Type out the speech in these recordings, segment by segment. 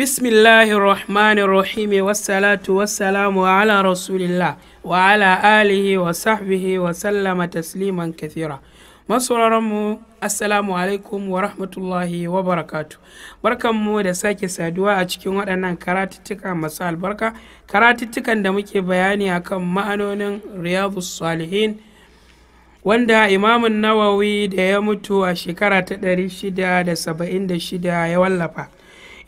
Bismillahi rahmanir rahim wassalatu wasalamu ala rasulillah wa ala alihi wa sahbihi wa sallama tasliman kathira masauraranmu assalamu alaikum wa rahmatullahi wa barakatu barkanmu da sake saduwa a cikin waɗannan karatuttuka masu albarka karatuttukan da muke bayani akan ma'anonin Riyadu salihin wanda imamun nawawi da ya mutu a shekara ta 676 ya wallafa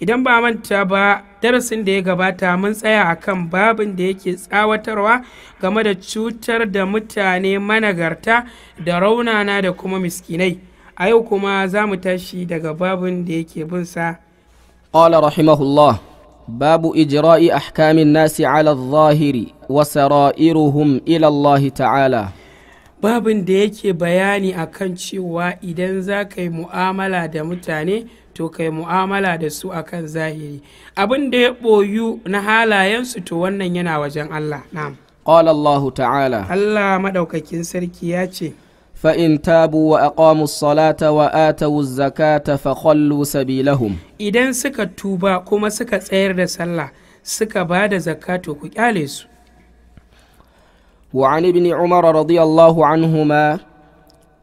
idan ba manta ba darasin da ya gabata mun tsaya a kan babin da yake tsawatarwa game da cutar da mutane managarta da raunana da kuma miskinai a yau kuma za mu tashi daga babin da yake binsa قال رحمه الله باب إجراء أحكام الناس على الظاهر وسرائرهم إلى الله تعالى babin da yake bayani akan cewa idan za ka yi mu'amala da mutane to kai mu'amala da su a kan zahiri abin da ya boyu na halayensu to wannan yana wajen Allah na'am qala ta'ala Allah maɗaukakin sarki ya ce fa in tabu wa aqamu ssalata wa atu zakata fa khallu sabilahum idan suka tuba kuma suka tsayar da sallah suka ba bada zakato ku kyalesu wa ani ibn umar radiyallahu anhuma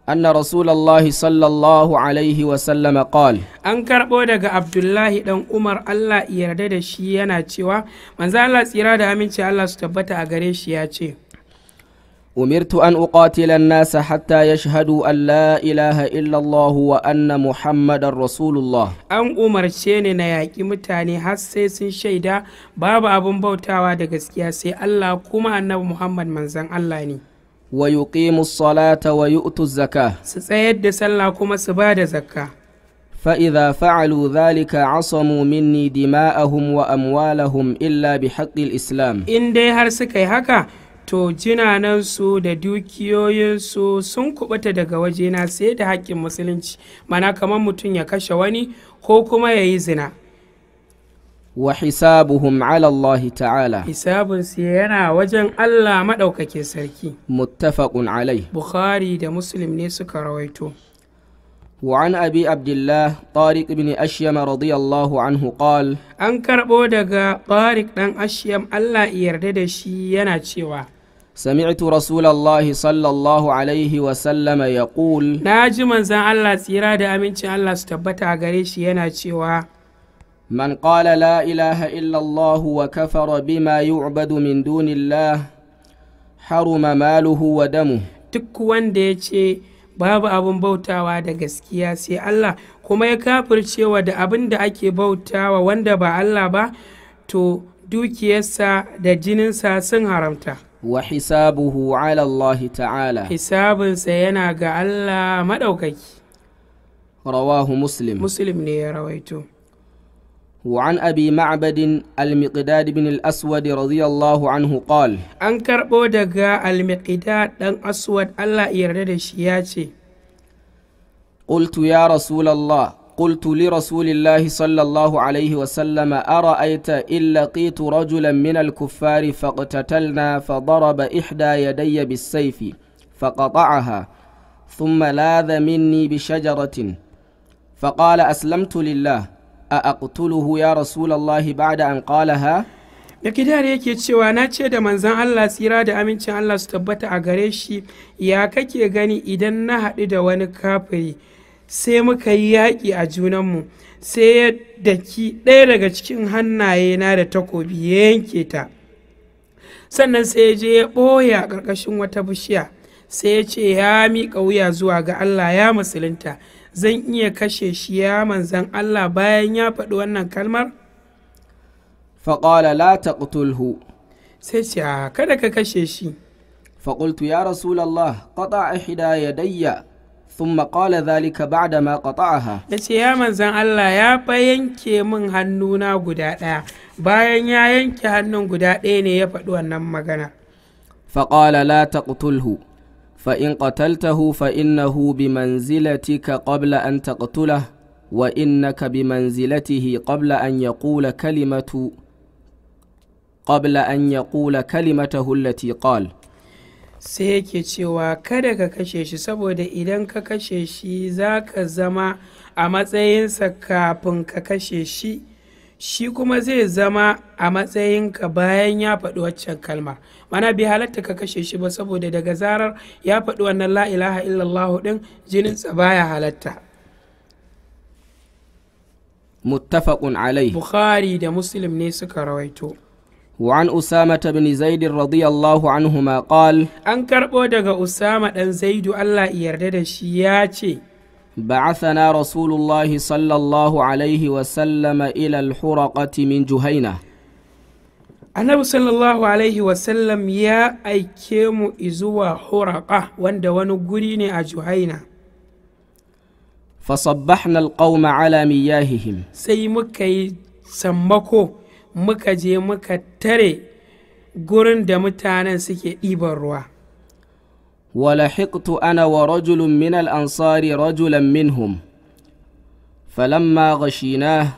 أن رسول الله صلى الله عليه وسلم قال an karɓo daga abdullahi ɗan umar allah yarda da shi yana cewa manzo allah tsira da aminci allah su tabbata a gare shi ya ce أمرت أن أقاتل الناس حتى يشهدوا أن لا إله إلا الله وأن محمد رسول الله أن أمر شيني نياكي متاني حسيس شيدا باب أبو بوتاوا دقسكيا سي الله كما أن محمد منزان الله ني wa yuqimu salata wa yu'tu zaka su tsayar da sallah kuma su ba da zakka fa idza fa'alu dhalika asamu minni dima'ahum wa amwalahum illa bi haqqil islam in dai har suka yi haka to jinanansu da dukiyoyinsu sun kubuta daga wajena sai da haƙƙin musulunci mana kamar mutum ya kashe wani ko kuma ya yi zina wa hisabuhum ala Allah ta'ala hisabun su yana wajen Allah maɗaukakin sarki muttafaqun alai bukhari da muslim ne suka rawaito وعن أبي عبد الله طارق بن أشيم رضي الله عنه قال أن كربو دقا طارق بن أشيم ألا يردد شينا شوا سمعت رسول الله صلى الله عليه وسلم يقول ناجما زان الله سيرا دا أمين الله ستبتا غريش ينا شوا من قال لا إله إلا الله وكفر بما يعبد من دون الله حرم ماله ودمه duk wanda ya ce babu abin bautawa da gaskiya sai Allah kuma ya cewa da abin da ake bautawa wanda ba Allah ba to dukiyarsa da jininsa sun haramta wa hisabuhu ala Allah ta'ala hisabinsa yana ga Allah maɗaukaki rawahu muslim muslim ne ya rawaito وعن أبي معبد المقداد بن الأسود رضي الله عنه قال أنكر بودغا المقداد بن أسود الله يرد شياتي قلت يا رسول الله قلت لرسول الله صلى الله عليه وسلم أرأيت إن لقيت رجلا من الكفار فاقتتلنا فضرب إحدى يدي بالسيف فقطعها ثم لاذ مني بشجرة فقال أسلمت لله أأقتله يا رسول الله بعد أن قالها kidar yake cewa na ce da manzan Allah tsira da amincin Allah su tabbata a gare shi ya kake gani idan na haɗu da wani kafiri sai muka yi yaƙi a junanmu sai ya daki ɗaya daga cikin hannaye na da takobi ya yanke ta sannan sai ya je ya ɓoye a ƙarƙashin wata bishiya sai ya ce ya miƙa wuya zuwa ga Allah ya musulunta zan iya kashe shi ya manzan Allah bayan ya faɗi wannan kalmar? faƙala la taqtulhu sai ce a ah, kada ka kashe shi faƙultu ya rasulallah qata ya dayya, sun maƙala zalika ba'da ma qata'aha yace ya manzan Allah ya fa yanke min hannuna guda ɗaya bayan ya yanke hannun guda ɗaya ne ya faɗi wannan magana faƙala la taqtulhu فإن قتلته فإنه بمنزلتك قبل أن تقتله وإنك بمنزلته قبل أن يقول كلمة قبل أن يقول كلمته التي قال sai yake cewa kada ka kashe shi saboda idan ka kashe shi za ka zama a matsayinsa kafin ka kashe shi shi kuma zai zama a matsayinka bayan ya faɗi waccan kalmar mana bi halatta ka kashe shi ba saboda daga zarar ya faɗi wannan la ilaha illallah din jininsa baya halatta muttafaqun alai bukhari da muslim ne suka rawaito وعن أسامة بن زيد رضي الله عنهما قال أنكر بودغ أسامة بن زيد الله يرددش ياتي بعثنا رسول الله صلى الله عليه وسلم إلى الحرقة من جهينة annabi sallallahu alaihi sallam, ya aike mu izuwa huraƙa wanda wani guri ne a juhaina fasabbahna alqauma ala miyahihim sai muka yi sammako muka je muka tare gurin da mutanen suke ɗiban ruwa ولحقت أنا ورجل من الأنصار رجلا منهم فلما غشيناه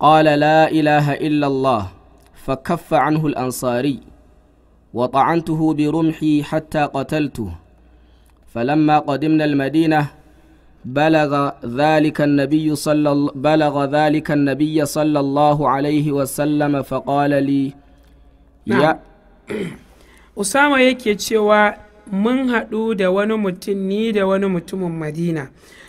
قال لا إله إلا الله فكف عنه الأنصاري وطعنته برمحي حتى قتلته فلما قدمنا المدينة بلغ ذلك النبي صلى بلغ ذلك النبي صلى الله عليه وسلم فقال لي نعم. يا أسامة يكي mun haɗu da wani mutum ni da wani mutumin madina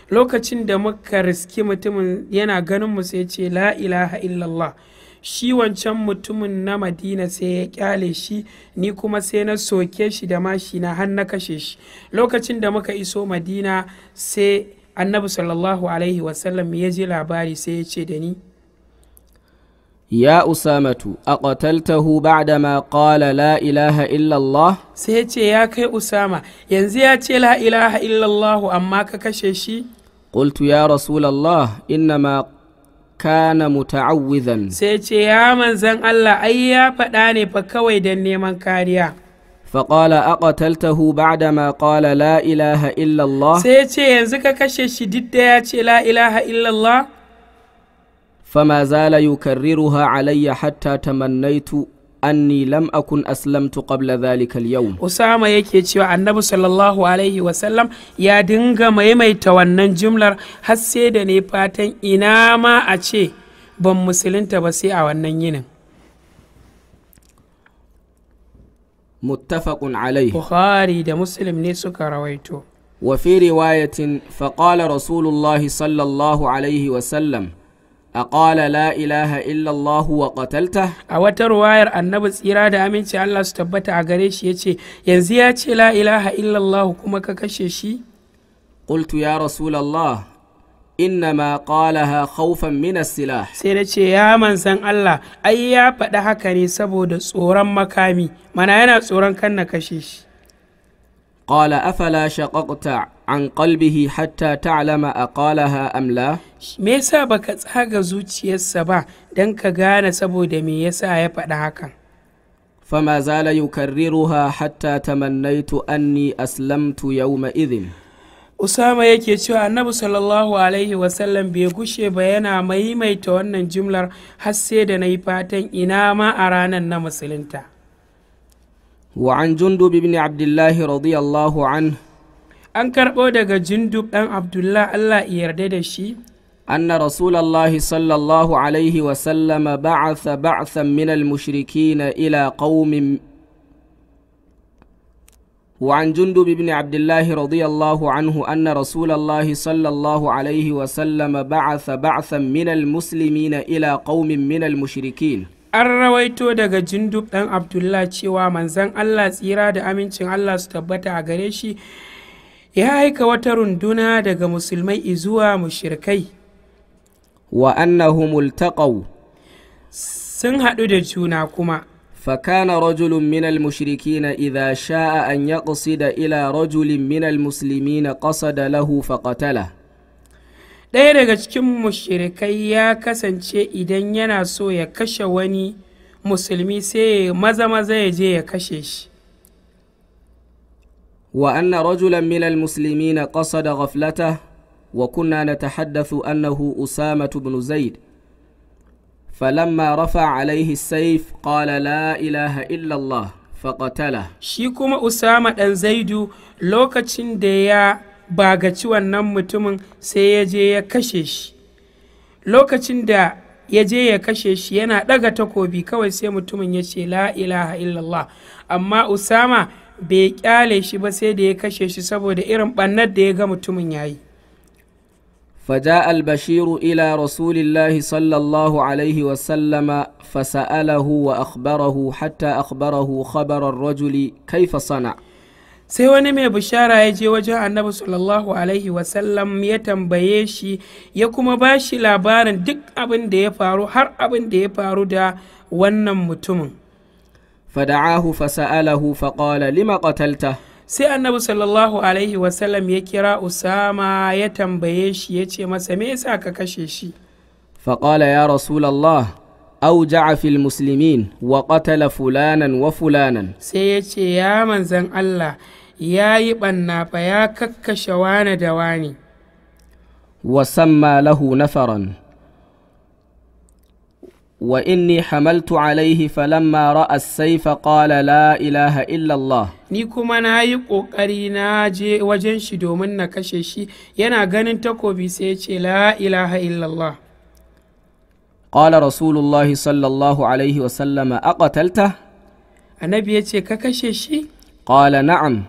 lokacin da muka riski mutumin yana ganin mu sai ce la ilaha illallah shi wancan mutumin na madina sai ya kyale shi ni kuma sai na soke shi da mashi na har na kashe shi lokacin da muka iso madina sai annabi sallallahu alaihi wasallam ya ji labari sai ya ce da ni ya usamatu a ƙataltahu ba'da ma ƙala la ilaha illallah sai ce ya kai usama yanzu ya ce la ilaha illallahu amma ka kashe shi qultu ya rasulallah innama kana muta'awwidan sai ce ya manzan Allah ai ya faɗa ne fa kawai don neman kariya فقال أقتلته بعدما قال لا إله إلا الله سيتي ينزك كشش دد لا إله إلا الله فما زال يكررها علي حتى تمنيت anni lam akun aslamtu qabla dhalika al-yawm Usama yake cewa Annabi sallallahu alaihi wasallam ya dinga maimaita wannan jumlar har sai da ne fatan ina ma a ce ban musulunta ba sai a wannan yinin muttafaqun alaihi Bukhari da Muslim ne suka rawaito wa fi riwayatin faqala rasulullahi sallallahu alaihi wasallam aqala la ilaha illallahu wa qatalta a wata ruwayar annabi tsira da aminci Allah su tabbata a gare shi yace yanzu ya ce la ilaha illallahu kuma ka kashe shi Kultu ya rasulullah innama qalaha khawfan min as-silah sai nace ya manzan Allah ai ya faɗi haka ne saboda tsoron makami mana yana tsoron kan na kashe shi qala afala shaqaqta an ƙalbihi hatta ta'lama aqalaha am la me yasa baka tsaga zuciyarsa ba dan ka gane saboda me yasa ya faɗa hakan fama zala yukarriruha hatta tamannaitu anni aslamtu yawma idhin Usama yake cewa Annabi sallallahu alaihi wasallam bai gushe ba yana maimaita wannan jumlar har sai da na yi fatan ina ma a ranar na musulunta. وعن جندب بن عبد الله رضي الله an karɓo daga jindub ɗan abdullah allah yarda da shi أن رسول الله صلى الله عليه وسلم بعث بعثا من المشركين إلى قوم وعن جندب بن عبد الله رضي الله عنه أن رسول الله صلى الله عليه وسلم بعث بعثا من المسلمين إلى قوم من المشركين an rawaito daga جندب بن عبد الله manzon allah tsira da amincin allah الله tabbata a ya aika wata runduna daga musulmai izuwa mushrikai wa annahu multaqaw sun haɗu da juna kuma فكان رجل من المشركين إذا شاء ila يقصد إلى رجل من المسلمين قصد له فقتله ɗaya daga cikin mushrikai ya kasance idan yana so ya kashe wani musulmi sai maza maza ya je ya kashe shi wa an na rajulan minal musulmi na ƙasa da gaflata wa kunna na ta haddasu an na hu usama tubinu zai falamma rafa alaihi saif ƙala la ilaha illallah faƙatala shi kuma usama ɗan zaidu lokacin da ya ciwon nan mutumin sai ya ya kashe shi lokacin da ya je ya kashe shi yana ɗaga takobi kawai sai mutumin ya ce la ilaha illallah amma usama bai kyale shi ba sai da ya kashe shi saboda irin bannar da ya ga mutumin yayi faja albashiru إلى رسول sallallahu صلى الله عليه fasa'alahu wa وأخبره حتى أخبره خبر rajuli كيف sana. sai wani mai bishara ya je wajen annabi sallallahu alaihi wasallam ya tambaye shi ya kuma ba shi labarin duk abin da ya faru har abin da ya faru da wannan mutumin فدعاه فسأله فقال لما قتلته sai annabi sallallahu alaihi wasallam ya kira usama ya tambaye shi ya ce masa me yasa ka kashe shi faƙala ya rasulallah auja'a fil muslimin wa ƙatala fulanan wa fulanan sai ya ce ya manzan allah ya yi ɓanna fa ya kakkashe wane da wani wa samma lahu nafaran وإني حملت عليه فلما رأى السيف قال لا إله إلا الله ni kuma na yi ƙoƙari na je wajen shi domin na kashe shi yana ganin takobi sai ya ce la ilaha illallah qala rasulullahi sallallahu alaihi wa sallama aqatalta annabi ya ce ka kashe shi qala na'am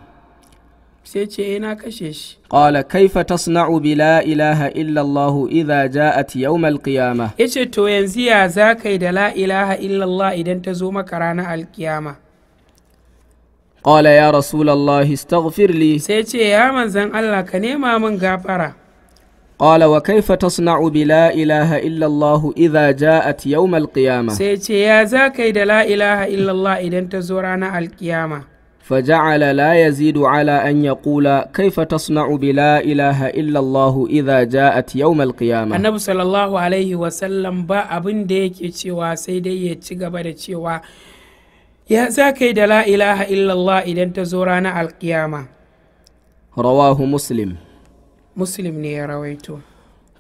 sai ce eh na kashe shi qala kaifa tasna'u bi la ilaha illa Allah idza ja'at yawm al-qiyamah yace to yanzu ya zakai da la ilaha illa Allah idan ta zo maka ranar alkiyama qala ya rasulullah istaghfir li sai ce ya manzan Allah ka nema min gafara قال وكيف تصنع بلا إله إلا الله إذا جاءت يوم القيامة سيتي يا زاكي لا إله إلا الله إذا انتزورنا القيامة فجعل لا يزيد على أن يقول كيف تصنع بلا إله إلا الله إذا جاءت يوم القيامة النبي صلى الله عليه وسلم با أبن ديك يتشوى سيدي يتشغب يتشوى يا زاكي دا لا إله إلا الله إذا تزورانا القيامة رواه مسلم مسلم ني رويته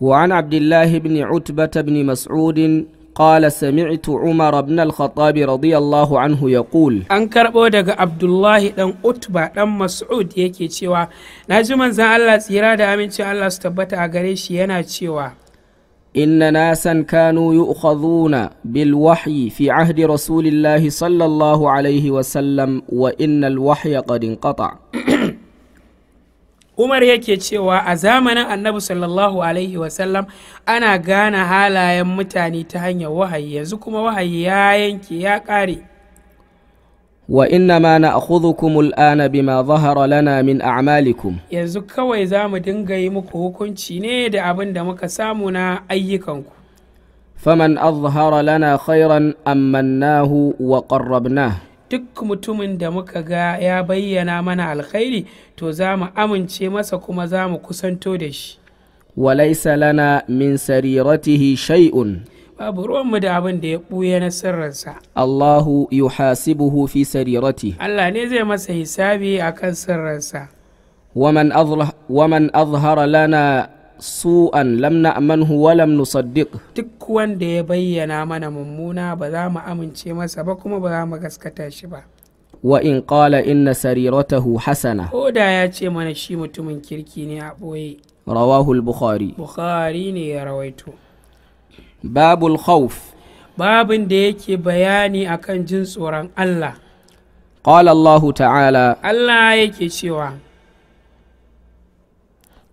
وعن عبد الله بن عتبة بن مسعود قال سمعت عمر بن الخطاب رضي الله عنه يقول أن كربو دغ عبد الله بن أتبع بن مسعود يكي تشيوا ناجي منزان الله سيرا دا أمين الله ستبتا غريش ينا تشيوا إن ناسا كانوا يؤخذون بالوحي في عهد رسول الله صلى الله عليه وسلم وإن الوحي قد انقطع umar yake cewa a zamanin annabi sallallahu alaihi wasallam ana gane halayen mutane ta hanyar wahayi yanzu kuma wahayi ya yanke ya ƙare wa inna ma na akhudhukum al'ana ma zahara lana min a'malikum yanzu kawai za mu dinga yi muku hukunci ne da abin da muka samu na ayyukanku faman azhara lana khairan ammannahu wa qarrabnahu duk mutumin da muka ga ya bayyana mana alkhairi to za mu amince masa kuma za mu kusanto da shi walaisa lana min sariratihi shai'un. babu ruwanmu da abin da ya ɓuya na sirrinsa Allahu yuhasibuhu fi sarirati Allah ne zai masa hisabi akan sirrinsa Waman azhara lana su'an lamna huwa walam nusaddiq duk wanda ya bayyana mana mummuna ba za mu amince masa ba kuma ba za mu gaskata shi ba wa in qala inna sariratahu hasana ko da ya ce mana shi mutumin kirki ne a boye rawahu al-bukhari bukhari ne ya rawaito babul khawf babin da yake bayani akan jin tsoron Allah qala Allah ta'ala Allah yake cewa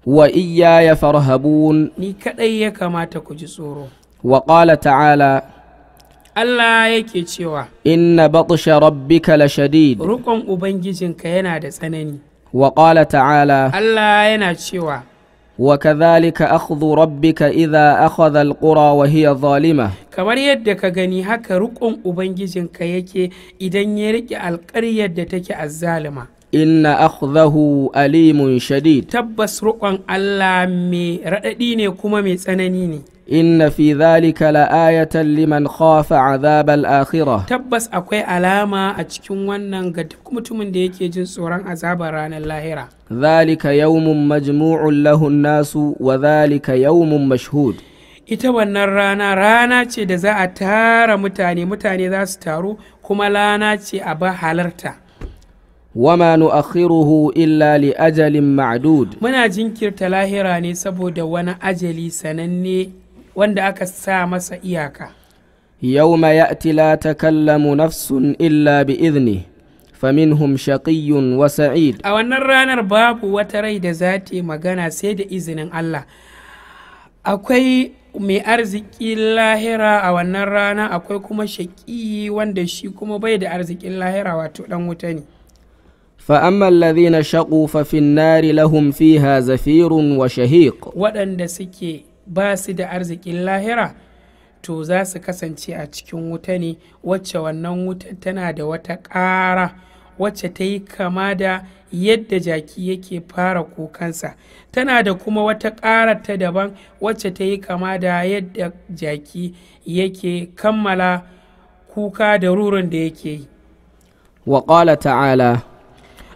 wa iya ya farhabun ni kaɗai ya kamata ku ji tsoro wa qala ta'ala Allah yake cewa inna batsha rabbika la shadid rukon ubangijinka yana da tsanani wa qala ta'ala Allah yana cewa wa kadhalika akhdhu rabbika idha akhadha alqura wa hiya zalima kamar yadda ka gani haka rukon ubangijinka yake idan ya rike alƙaryar da take azzalima inna akhdahu alimun shadid tabbas roƙon Allah mai raɗaɗi ne kuma mai tsanani ne inna fi zalika la'ayatan liman khafa azabal akhirah tabbas akwai alama a cikin wannan ga duk mutumin da yake jin tsoron azabar ranar lahira zalika yawmun majmu'un lahun nasu wa dhalika yawmun mashhud ita wannan rana rana ce da za a tara mutane mutane za su taru kuma rana ce a ba halarta wama nu'akhiruhu illa li ajalin ma'dud muna jinkirta lahira ne saboda wani ajali sananne wanda aka sa masa iyaka yawma ya'ti la takallamu nafsun illa bi idni faminhum shaqiyyun wa sa'id a wannan ranar babu wata rai da zati magana sai da izinin Allah akwai mai arziƙin lahira a wannan rana akwai kuma shaƙi wanda shi kuma bai da arzikin lahira wato ɗan wuta ne فأما الذين شقوا ففي النار لهم فيها زفير وشهيق waɗanda suke ba su da arzikin lahira to za su kasance a cikin wuta ne wacce wannan wutar tana da wata ƙara wacce ta yi kama da yadda jaki yake fara kukansa tana da kuma wata ƙara ta daban wacce ta yi kama da yadda jaki yake kammala kuka da rurin da yake yi wa ta'ala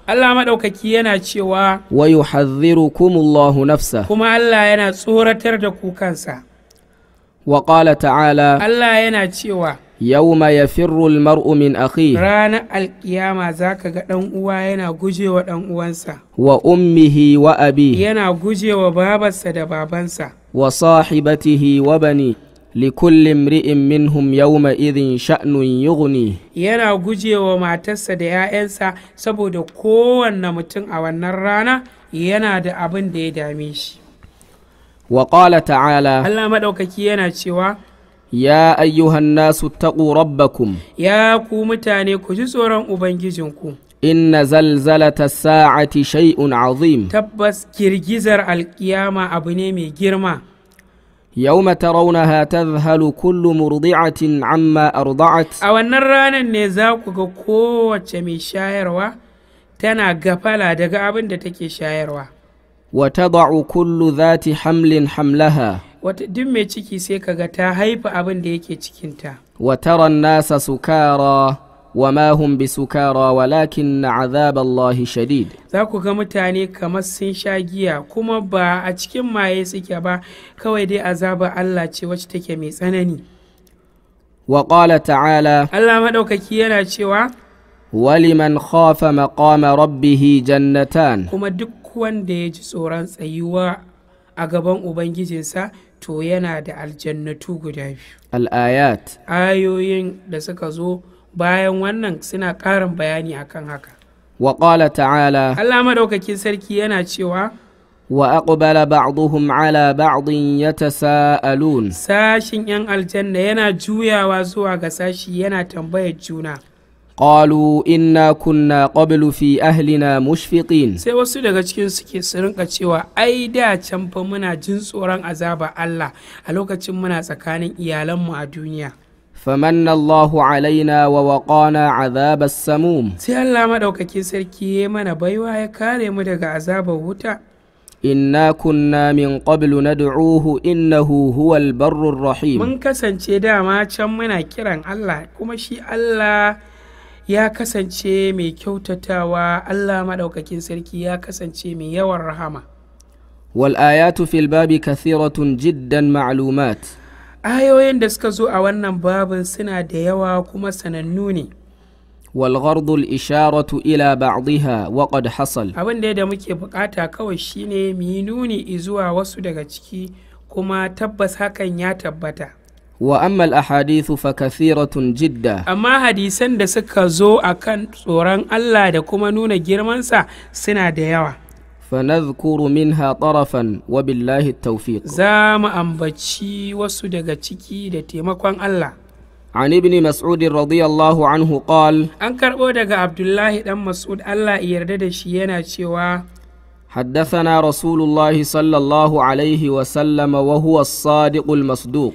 Allah maɗaukaki yana cewa wa kumullahu nafsa kuma Allah yana tsoratar da ku kansa wa qala ta'ala Allah yana cewa yawma yafirru almar'u min akhi ranar alkiyama zaka ga dan uwa yana gujewa dan uwansa wa ummihi wa abi yana gujewa babarsa da babansa wa sahibatihi wa bani likulli min minhum yawma idhin sha'nun yughni yana gujewa matarsa da 'ya'yansa saboda kowanne mutum a wannan rana yana da abin da ya dame shi wa qala ta'ala Allah madaukaki yana cewa ya ayyuhan nasu taqu rabbakum ya ku mutane ku ji tsoron ubangijinku inna zalzalata sa'ati shay'un azim tabbas girgizar alkiyama abu ne mai girma يوم ترونها تذهل كل مرضعة عما أرضعت أو أن الرانا نزاق قوة من و تنا قفلا دقا أبن دتكي و وتضع كل ذات حمل حملها وتدمي تشكي سيكا تا هيب أبن ديكي تشكينتا وترى الناس سكارا wa هم بسكارى ولكن walakin الله شديد shadid za ga mutane kamar sun sha giya kuma ba a cikin maye suke ba kawai dai azabar Allah ce wacce take mai tsanani wa qala ta'ala Allah madaukaki yana cewa waliman khafa maqama rabbih jannatan kuma duk wanda ya ji tsoron tsayuwa a gaban ubangijinsa to yana da aljannatu guda biyu al ayoyin da suka zo bayan wannan suna ƙarin bayani akan haka wa ta'ala Allah madaukakin sarki yana cewa wa aqbala ba'duhum ala ba'din yatasaalun sashin yan aljanna yana juyawa zuwa ga sashi yana tambaya juna qalu inna kunna qablu fi ahlina mushfiqin sai wasu daga cikin suke su rinka cewa ai da can fa muna jin tsoron azaba Allah a lokacin muna tsakanin iyalanmu a duniya famanna Allahu alaina wa waqana azabas sai Allah maɗaukakin sarki ya mana baiwa ya kare mu daga azabar wuta inna kunna min qablu nad'uhu innahu huwal barrur rahim mun kasance dama can muna kiran Allah kuma shi Allah ya kasance mai kyautatawa Allah maɗaukakin sarki ya kasance mai yawan rahama. Wal'ayatu fil babi kathiratun jiddan ma'lumat. ayoyin da suka zo a wannan babin suna da yawa kuma sanannu ne والغرض isharatu ila بعضها وقد hasal. abin da muke bukata kawai shine mu yi nuni izuwa wasu daga ciki kuma tabbas hakan ya tabbata wa ammal ahadithu fa kathiratun jidda amma hadisan da suka zo akan tsoron Allah da kuma nuna girmansa suna da yawa fanadhkuru minha tarafan wabillahi billahi za mu ambaci wasu daga ciki da taimakon Allah an ibn mas'ud radiyallahu anhu qal an karbo daga abdullahi ɗan mas'ud Allah yarda da shi yana cewa حدثنا رسول الله صلى الله عليه وسلم وهو الصادق المصدوق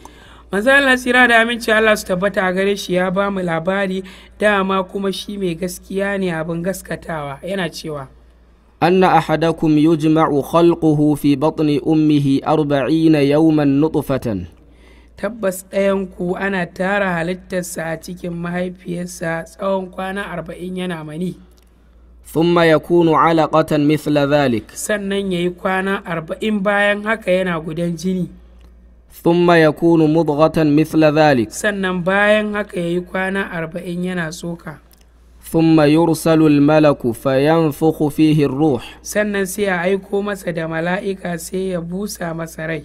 manzo Allah tsira da aminci Allah su tabbata a gare shi ya bamu labari dama kuma shi mai gaskiya ne abin gaskatawa yana cewa أن أحدكم يجمع خلقه في بطن أمه أربعين يوما نطفة tabbas ɗayanku ana tara halittarsa a cikin mahaifiyarsa tsawon kwana arba'in yana mani thumma yakunu alaqatan mithla dhalik sannan yayi kwana arba'in bayan haka yana gudan jini thumma yakunu mudghatan mithla dhalik sannan bayan haka yayi kwana arba'in yana tsoka thumma yursalu al-malaku fayanfukhu fihi ar-ruh sannan sai a aiko masa da mala'ika sai ya busa masa rai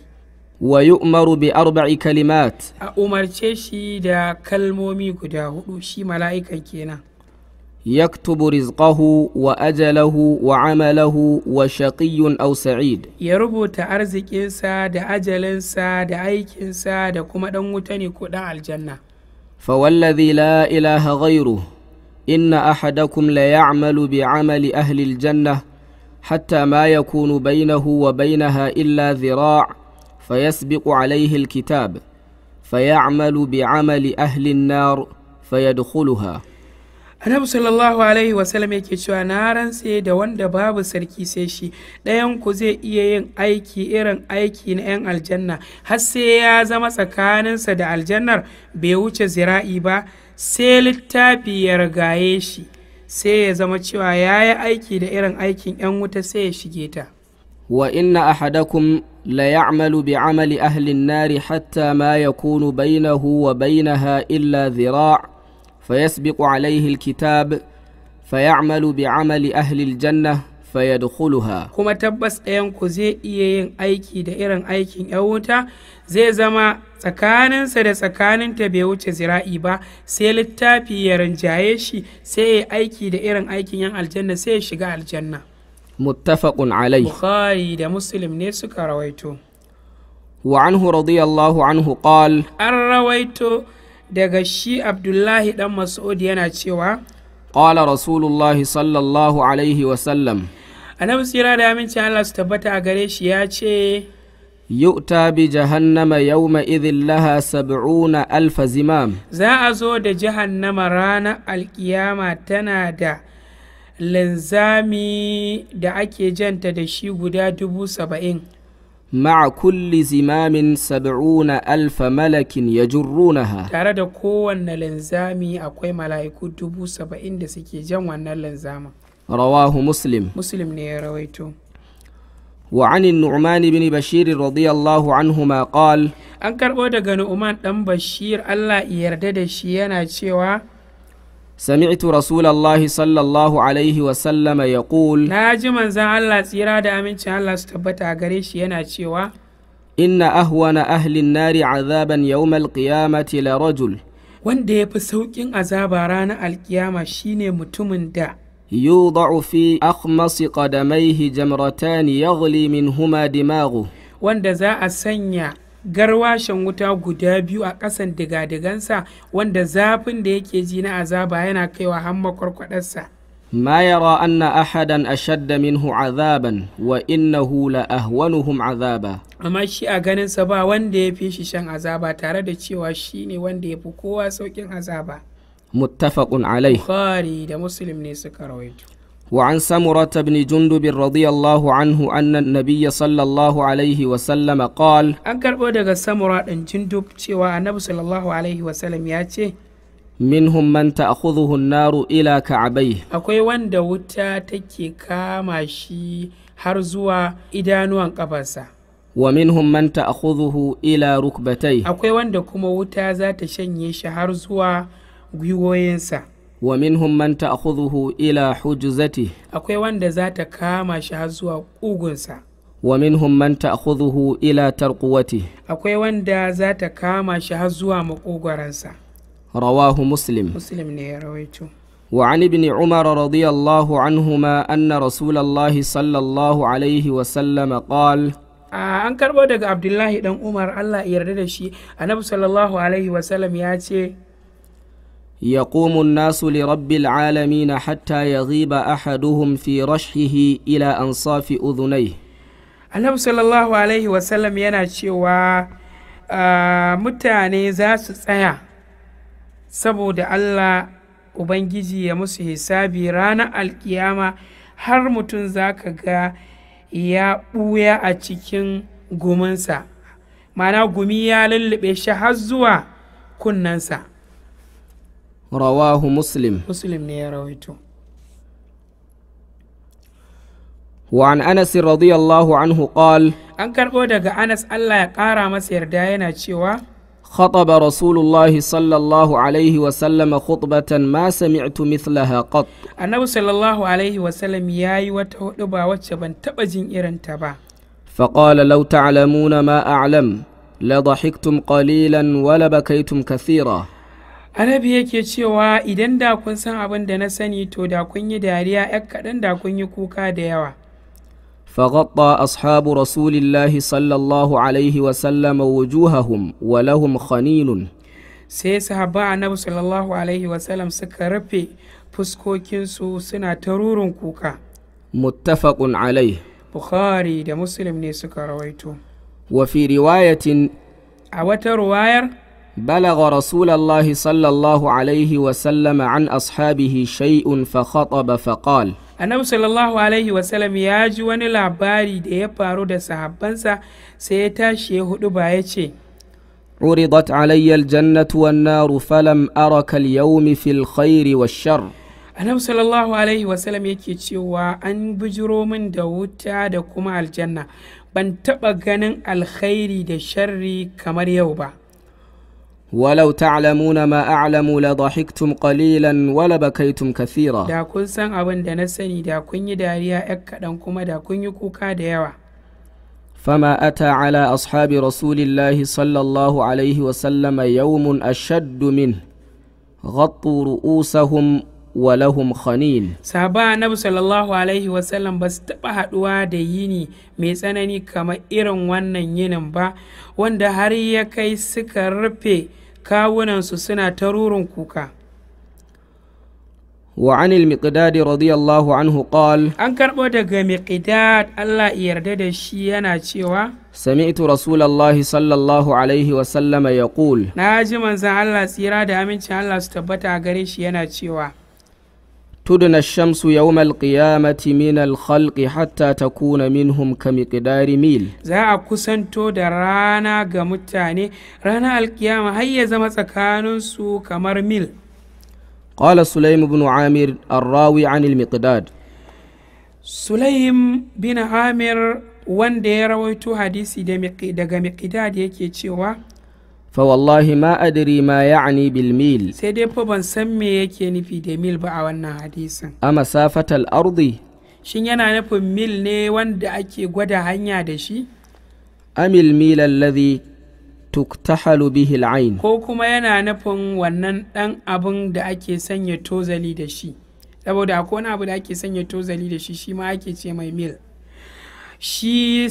wa yu'maru bi arba'i kalimat a umarce shi da kalmomi guda hudu shi mala'ikan kenan yaktubu rizqahu wa ajalahu wa amalahu wa shaqiyyun aw sa'id ya rubuta arzikinsa da ajalinsa da aikinsa da kuma dan wuta ne ko dan aljanna fa wallazi la ilaha ghayruhu إن أحدكم ليعمل بعمل أهل الجنة حتى ما يكون بينه وبينها إلا ذراع فيسبق عليه الكتاب فيعمل بعمل أهل النار فيدخلها annabi sallallahu alaihi wasallam yake cewa na rantse da wanda babu sarki sai shi ɗayan ku zai iya yin aiki irin aiki na 'yan aljanna har sai ya zama tsakaninsa da aljannar bai wuce zira'i ba sai littafi ya rigaye shi sai ya zama cewa ya yi aiki da irin aikin 'yan wuta sai ya shige ta wa inna ahadakum la ya'malu bi amali ahlin nari hatta ma ya yakunu bainahu wa bainaha illa zira' fayasbiqu alaihi alkitab ya'malu bi amali ahli Janna. fayadkhuluha kuma tabbas ɗayan ku zai iya yin aiki da irin aikin yan wuta zai zama tsakaninsa da tsakaninta bai wuce zira'i ba sai littafi ya rinjaye shi sai ya aiki da irin aikin yan aljanna sai ya shiga aljanna muttafaqun alai bukhari da muslim ne suka rawaito wa anhu radiyallahu anhu qal an rawaito daga shi abdullahi dan mas'ud yana cewa qala rasulullahi sallallahu alaihi wa sallam annabi tsira da aminci Allah su tabbata a gare shi ya ce ta bi jahannama yawma izin laha sab'una alf zimam za a zo da jahannama ranar alkiyama tana da linzami da ake janta da shi guda dubu saba'in ma'a kulli zimamin sab'una alfa malakin ya ha. tare da kowanne linzami akwai mala'iku dubu saba'in da suke jan wannan linzamin rawahu muslim muslim ne ya rawaito وعن النعمان بن بشير رضي الله عنهما قال an karɓo daga nu'man ɗan bashir allah yarda da shi yana cewa سمعت رسول الله صلى الله عليه وسلم يقول ناجي من الله tsira da amincin Allah su tabbata gare shi yana cewa inna ahwana ahli nari azaban yawmal qiyamati la rajul wanda ya fi sauƙin azaba ranar alkiyama shine mutumin da يوضع في أخمص قدميه جمرتان يغلي منهما دماغه wanda za a sanya garwashin wuta guda biyu a ƙasan digadigansa wanda zafin da yake ji na azaba yana kaiwa hamma har makwarkwadarsa hu ahadan wa minhu na wa innahu wani لأهونهم azaba amma shi a ganin sa ba wanda ya fi shi shan azaba tare da cewa shi ne wanda ya fi kowa saukin azaba muttafaqun alai bukhari da muslim ne suka rawaito وعن سمرة بن جندب رضي الله عنه أن النبي صلى الله عليه وسلم قال أن كربو دغا سمرة بن جندب cewa النبي صلى الله عليه وسلم yace minhum man ta'khudhuhu an-naru ila ka'bayhi akwai wanda wuta take kama shi har zuwa idanuwan kafarsa wa minhum man ta'khudhuhu ila rukbatai. akwai wanda kuma wuta za ta shanye shi har zuwa gwiwoyinsa wa minhum man ta'khudhuhu ila hujuzati akwai wanda za ta kama shi har zuwa kugunsa wa minhum man ta'khudhuhu ila tarquwati akwai wanda za ta kama shi har zuwa makogoransa rawahu muslim muslim ne ya rawaito وعن ابن عمر umar radiyallahu عنهما أن رسول sallallahu صلى wa عليه qal? an karbo daga abdullahi dan umar allah yarda da shi annabi sallallahu alaihi wasallam ya ce يقوم الناس لرب العالمين حتى يغيب أحدهم في رشحه إلى أنصاف أذنيه annabi sallallahu alaihi wasallam yana cewa mutane zasu tsaya saboda allah ubangiji ya musu hisabi ranar alkiyama har mutum zaka ga ya ɓuya a cikin guminsa mana gumi ya lulluɓe shi har zuwa kunnensa rawahu muslim muslim ne ya rawaito وعن أنس رضي الله عنه قال أن كربو دقى أنس ألا يقارى مسير داينا تشيوا خطب رسول الله صلى الله عليه وسلم خطبة ما سمعت مثلها قط النبي صلى الله عليه وسلم ياي وتهدبا وتشبن تبجين إيران تبا فقال لو تعلمون ما أعلم لضحكتم قليلا ولبكيتم كثيرا Annabi yake cewa idan da kun san abin da na sani to da kun yi dariya ɗan kaɗan da kun yi kuka da yawa. فغطى Ashabu رسول sallallahu صلى wa عليه وسلم وجوههم ولهم خنين sai sahaba annabi sallallahu alaihi wasallam suka rufe fuskokinsu suna ta rurin kuka muttafaqun alai bukhari da muslim ne suka rawaito Wafi riwayatin a wata ruwayar بلغ رسول الله صلى الله عليه وسلم عن أصحابه شيء فخطب فقال annabi sallallahu alaihi wasallam ya ji wani labari da ya faru da sahabbansa sai ya tashi ya hudu ba ya ce عرضت علي الجنة والنار فلم أرك اليوم في الخير والشر annabi sallallahu alaihi wasallam yake cewa an bijiro min da wuta da kuma aljanna ban taɓa ganin alkhairi da sharri kamar yau ba walau ta'lamuna ma a'lamu la dhahiktum kalilan wala bakaytum kathira da kun san abin da na sani da kun yi dariya ya kaɗan kuma da kun yi kuka da yawa fama ata ala ashabi رسول الله صلى الله عليه وسلم يوم أشد منه غطوا رؤوسهم ولهم خنين سابا sallallahu alaihi الله عليه وسلم بس haɗuwa da yini mai tsanani kamar irin wannan yinin ba wanda har ya kai suka rufe kawunansu suna ta rurin kuka wa anil miqdad radiyallahu anhu ƙal an karɓo daga miƙida. Allah yarda da shi yana cewa sami'tu Rasulallah sallallahu alaihi wa ya yaqul na ji manzon Allah tsira da amincin Allah su tabbata gare shi yana cewa تدنى الشمس يوم القيامة من الخلق حتى تكون منهم كمقدار mil. za a kusanto da rana ga mutane ranar alkiyama har ya zama tsakaninsu kamar mil قال سليم بن عامر الراوي عن المقداد سليم بن عامر wanda ya rawaito hadisi daga miqdad yake cewa fa wallahi ma adri ma ya'ni bil mil sai dai fa ban san me yake nufi da mil ba a wannan hadisin a masafatal ardi shin yana nufin mil ne wanda ake gwada hanya da shi amil mil alladhi tuktahalu bihi al'ain ko kuma yana nufin wannan dan abin da ake sanya tozali da shi saboda akwai wani abu da ake sanya tozali da shi shi ma ake ce mai mil shi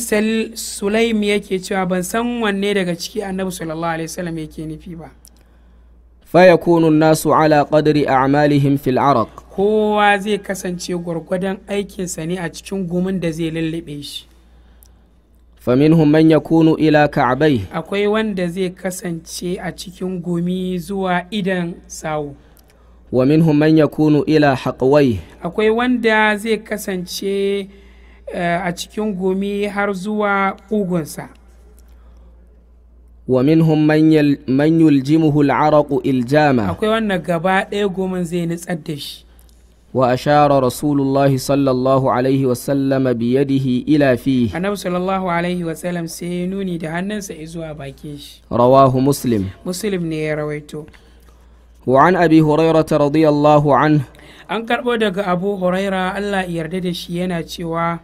sulaim yake cewa ban san wanne daga ciki annabi sallallahu alaihi wasallam yake nufi ba fayakunu nasu ala qadri a'malihim fil araq kowa zai kasance gwargwadon aikinsa ne a cikin gumin da zai lullube shi faminhum man yakunu ila ka'bai akwai wanda zai kasance a cikin gumi zuwa idan sawu wa minhum man yakunu ila haqwai akwai wanda zai kasance Eh, a cikin gumi har zuwa ƙugunsa wa minhum man yuljimuhu al'araqu iljama akwai wannan gaba ɗaya gomin zai nitsar da shi wa ashara rasulullah sallallahu alaihi wa sallama biyadihi ila fi annabi sallallahu alaihi wa sallam sai nuni da hannunsa zuwa bakin shi rawahu muslim muslim ne ya rawaito abi huraira وعن An هريرة daga abu huraira. Allah بودك yarda da shi yana cewa.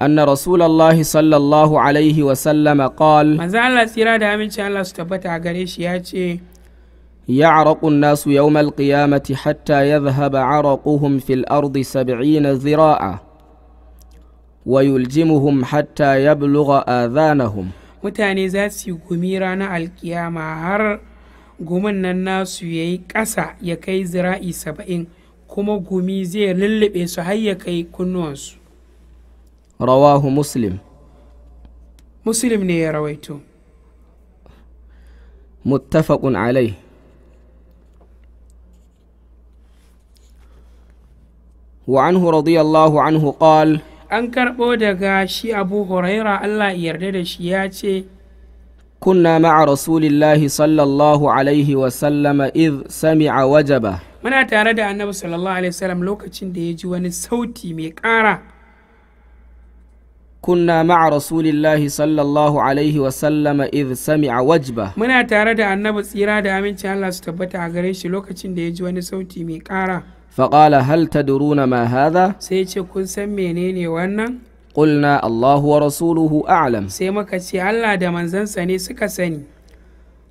أن رسول الله صلى الله عليه وسلم قال ما زال من شاء الله قريش ياتي يعرق الناس يوم القيامة حتى يذهب عرقهم في الأرض سبعين ذراعا ويلجمهم حتى يبلغ آذانهم متاني ذات su yi gumi ranar alkiyama har gumin nan nasu ya yi ƙasa ya kai zira'i saba'in rawahu muslim muslim ne ya rawaito muttafaqun alai وعنه رضي الله عنه قال an karɓo daga shi abu huraira Allah yarda da shi ya ce kunna ma'a rasulillahi sallallahu alaihi wa wasallama id sami'a wajaba muna tare da annabi sallallahu alaihi wa sallam lokacin da ya ji wani sauti mai ƙara kunna ma'a rasulillahi sallallahu alaihi wasallama idh sami'a wajba muna tare da annabi tsira da amincin Allah su tabbata a gare shi lokacin da ya ji wani sauti mai ƙara faƙala hal tadruna ma hadha sai ce kun san menene wannan qulna Allah sai muka ce Allah da manzansa ne suka sani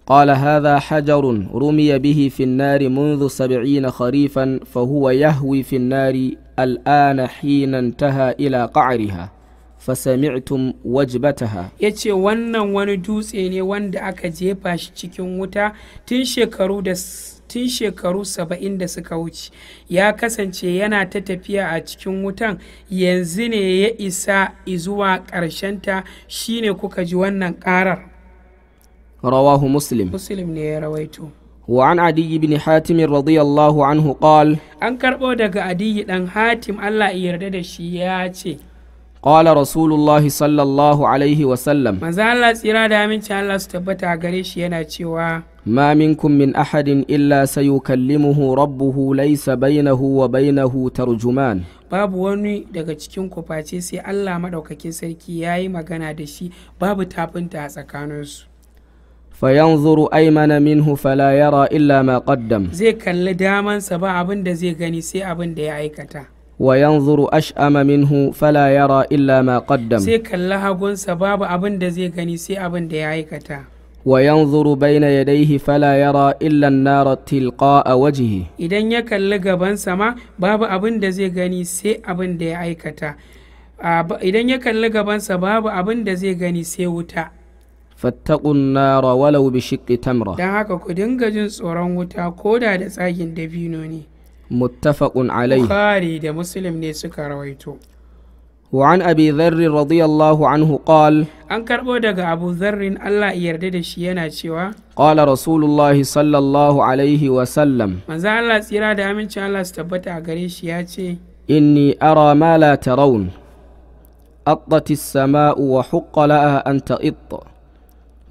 قال هذا حجر رمي به في النار منذ سبعين خريفا فهو يهوي في النار الآن حين انتهى إلى قعرها fasami'tum Ya yace wannan wani dutse ne wanda aka jefa shi cikin wuta tun shekaru da tun shekaru saba'in da suka wuce ya kasance yana ta tafiya a cikin wutan yanzu ne ya isa zuwa ƙarshenta shine kuka ji wannan ƙarar rawahu muslim muslim ne ya rawaito وعن عدي بن حاتم An الله daga قال أنكر Hatim, Allah بن حاتم shi ya ce. Ƙwala Rasulullahi sallallahu Alaihi wasallam. Maza Allah tsira da aminci Allah su tabbata gare shi yana cewa. Ma minkum min ahadin illa sayukallimuhu rabbuhu laisa bainahu wa bainahu tarjuman. Babu wani daga cikin kuface sai Allah maɗaukakin sarki ya yi magana da shi babu tafinta a tsakaninsu. fayanzuru mana minhu fala yara illa ma qaddam zai kalli damansa ba abin da zai gani sai abin da ya aikata wa yanzuru ash'ama minhu fala yara illa ma qaddam sai kalla hagunsa babu abin da zai gani sai abin da ya aikata wa yanzuru baina yadayhi fala yara illa an-nara tilqa'a wajhihi idan ya kalli gabansa ma babu abin da zai gani sai abin da ya aikata idan ya kalli gabansa babu abin da zai gani sai wuta tamra dan haka ku dinga jin tsoron wuta koda da tsagin dabino ne muttafaqun alai bukhari da muslim ne suka rawaito وعن أبي ذر رضي الله عنه قال أن كربو دغ أبو ذر الله يرد yana cewa قال رسول الله صلى الله عليه وسلم manzo tsira da amincin Allah su tabbata a gare shi ya ce inni ara mala ta raun. attat as-sama'u wa huqqa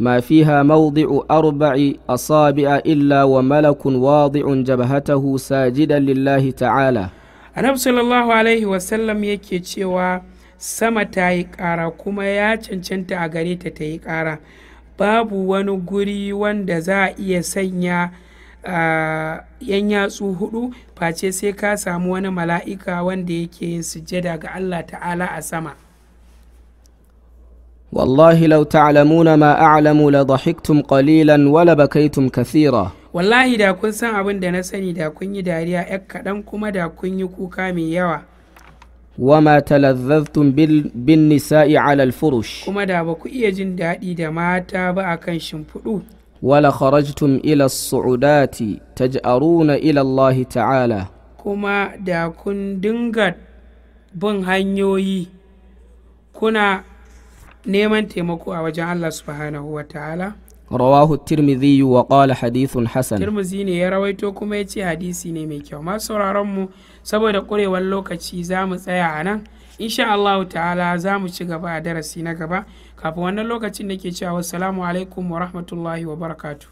ما فيها موضع أربع أصابع إلا وملك واضع جبهته ساجدا لله تعالى annabi sallallahu alaihi wasallam yake cewa sama ta yi ƙara kuma ya cancanta a gare ta ta yi ƙara babu wani guri wanda za a iya sanya yan yatsu huɗu face sai ka samu wani mala'ika wanda yake yin sujada ga allah ta'ala a sama wallahi lau ta'lamuna ma a'lamu la dhahiktum qalilan wala la bakaytum kathira wallahi da kun san abin da na sani da kun yi dariya yak kaɗan kuma da kun yi kuka mai yawa wama talazzaztum bin nisa'i ala furush kuma da baku iya jin daɗi da mata ba akan shimfiɗu wala kharajtum ila as-su'udati taj'aruna ila ta'ala kuma da kun dinga bin hanyoyi kuna neman taimako a wajen Allah subhanahu wa ta'ala rawahu tirmidhi wa qala hadithun hasan tirmidhi ne ya rawaito kuma ya ce hadisi ne mai kyau masu sauraron mu saboda kurewar lokaci za mu tsaya a nan insha Allah ta'ala za mu ci gaba a darasi na gaba kafin wannan lokacin da ke cewa salamu alaikum wa rahmatullahi wa barakatu.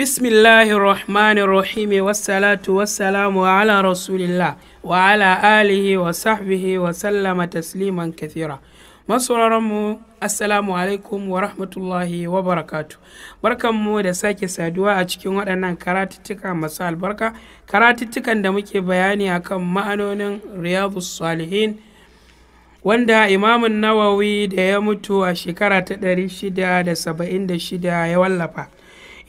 bismillahir rahmanir rahim wassalatu wassalamu ala rasulillah wa ala alihi wa sahbihi wa sallama tasliman kathira masauraranmu assalamu alaikum wa rahmatullahi wa barakatu barkanmu da sake saduwa a cikin waɗannan karatuttuka masu albarka karatuttukan da muke bayani akan ma'anonin riyadus salihin wanda imamun nawawi da ya mutu a shekara ta 676 ya wallafa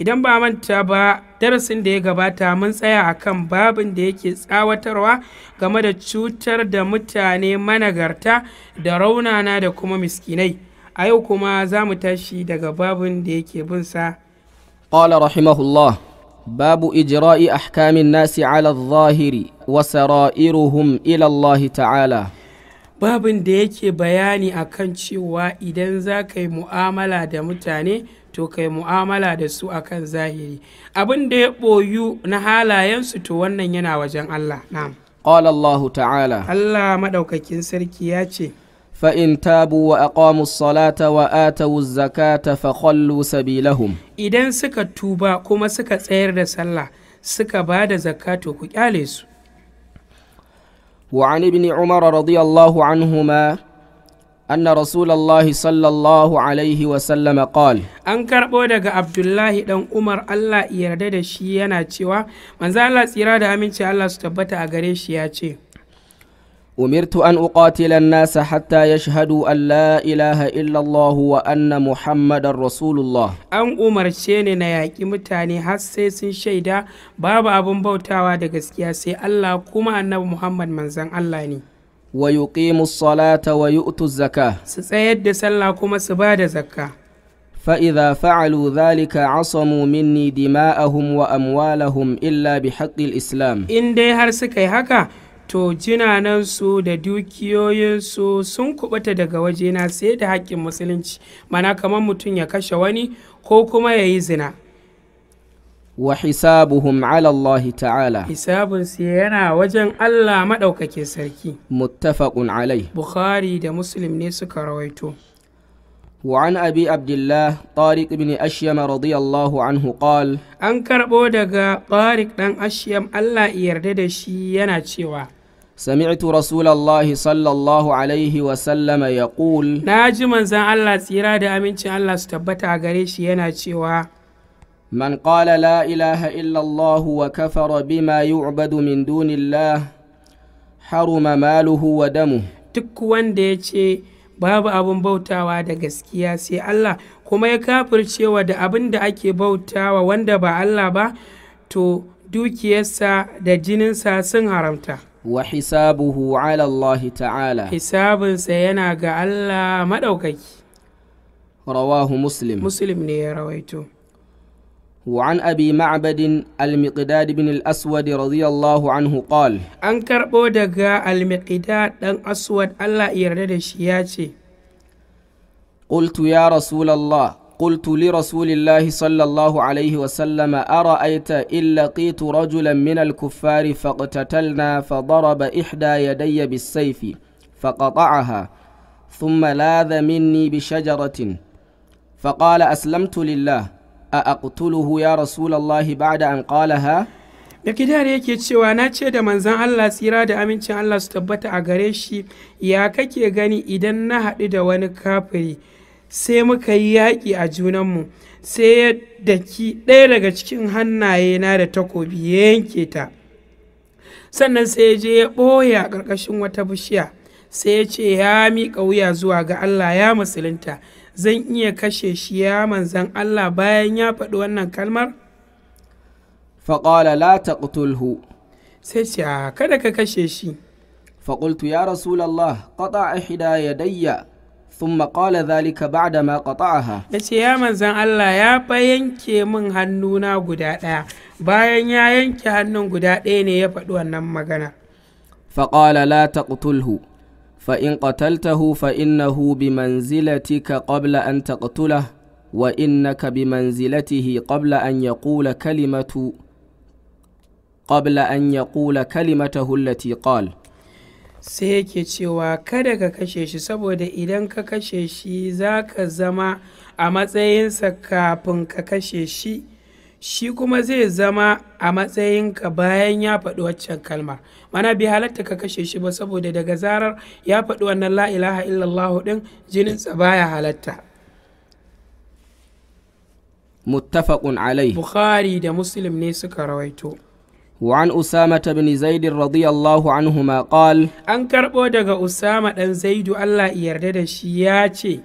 idan ba manta ba darasin da ya gabata mun tsaya a kan babin da yake tsawatarwa game da cutar da mutane managarta da raunana da kuma miskinai a yau kuma za mu tashi daga babin da yake binsa قال رحمه الله باب إجراء أحكام الناس على الظاهر وسرائرهم إلى الله تعالى babin da yake bayani akan cewa idan za ka yi mu'amala da mutane to kai mu'amala da su a kan zahiri abin da ya boyu na halayensu to wannan yana wajen Allah na'am qala Allahu ta'ala Allah maɗaukakin sarki ya ce fa in tabu wa aqamu ssalata wa atu zakata fa idan suka tuba kuma suka tsayar da sallah suka bada zakato ku kyalesu wa ani ibn umar radiyallahu anhuma أن رسول الله صلى الله عليه وسلم قال أن كربو daga عبد الله دن عمر الله da shi yana من زال allah tsira da aminci allah su tabbata a gare أمرت أن أقاتل الناس حتى يشهدوا أن لا إله إلا الله وأن محمد رسول الله أن عمر شيني نياكي متاني حسيس شيدا بابا أبن بوتاوا دقسكيا سياسي الله كما أن محمد من منزان الله ني wa yuqimu salata wa yu'tu zaka su tsayar da sallah kuma su ba da zakka fa idza fa'alu dhalika asamu minni dima'ahum wa amwalahum illa bi haqqil islam in dai har suka yi haka to jinanansu da dukiyoyinsu sun kubuta daga wajena sai da haƙƙin musulunci mana kamar mutum ya kashe wani ko kuma ya yi zina wa hisabuhum ala Allah ta'ala hisabun su yana wajen Allah madaukakin sarki muttafaqun alai bukhari da muslim ne suka rawaito wa an abi abdullah tariq ibn ashyam radiyallahu anhu qal an karbo daga tariq dan ashyam Allah yarda da shi yana cewa سمعت رسول الله صلى الله عليه وسلم يقول ناجي من زان الله سيرا دا امين gare shi yana cewa. من قال لا إله إلا الله وكفر بما يعبد من دون الله حرم ماله ودمه duk wanda ya ce babu abin bautawa da gaskiya sai Allah kuma ya kafircewa da abin da ake bautawa wanda ba Allah ba to dukiyarsa da jininsa sun haramta wa hisabuhu ala Allah ta'ala hisabinsa yana ga Allah maɗaukaki rawahu muslim muslim ne ya rawaito وعن أبي معبد المقداد بن الأسود رضي الله عنه قال أنكر بودك المقداد بن أسود الله يرد شياتي قلت يا رسول الله قلت لرسول الله صلى الله عليه وسلم أرأيت إن لقيت رجلا من الكفار فاقتتلنا فضرب إحدى يدي بالسيف فقطعها ثم لاذ مني بشجرة فقال أسلمت لله أأقتله يا رسول الله بعد أن قالها da kidar yake cewa na ce da manzan Allah tsira da amincin Allah su tabbata a gare shi ya kake gani idan na haɗu da wani kafiri sai muka yi yaƙi a junanmu sai ya daki ɗaya daga cikin hannaye na da takobi ya yanke ta sannan sai ya je ya ɓoye a ƙarƙashin wata bishiya sai ya ce ya miƙa wuya zuwa ga Allah ya musulunta zan iya kashe shi ya manzan Allah bayan ya faɗi wannan kalmar? faƙala la taqtulhu sai ce a ah, kada ka kashe shi faƙultu ya rasulallah qata ya dayya thumma qala zalika ba'da ma qata'aha yace ya manzan Allah ya fa yanke min hannuna guda ɗaya bayan ya yanke hannun guda ɗaya ne ya faɗi wannan magana faƙala la taqtulhu فإن قتلته فإنه بمنزلتك قبل أن تقتله وإنك بمنزلته قبل أن يقول كلمة قبل أن يقول كلمته التي قال sai yake cewa kada ka kashe shi saboda idan ka kashe shi za ka zama a matsayinsa kafin ka kashe shi shi kuma zai zama a matsayinka bayan ya faɗi waccan kalmar mana bi halatta ka kashe shi ba saboda daga zarar ya faɗi wannan la ilaha illallah din jininsa baya halatta muttafaqun alai bukhari da muslim ne suka rawaito وعن أسامة بن زيد رضي الله عنهما قال أنكر Zaidu أسامة بن زيد الله shi, yace.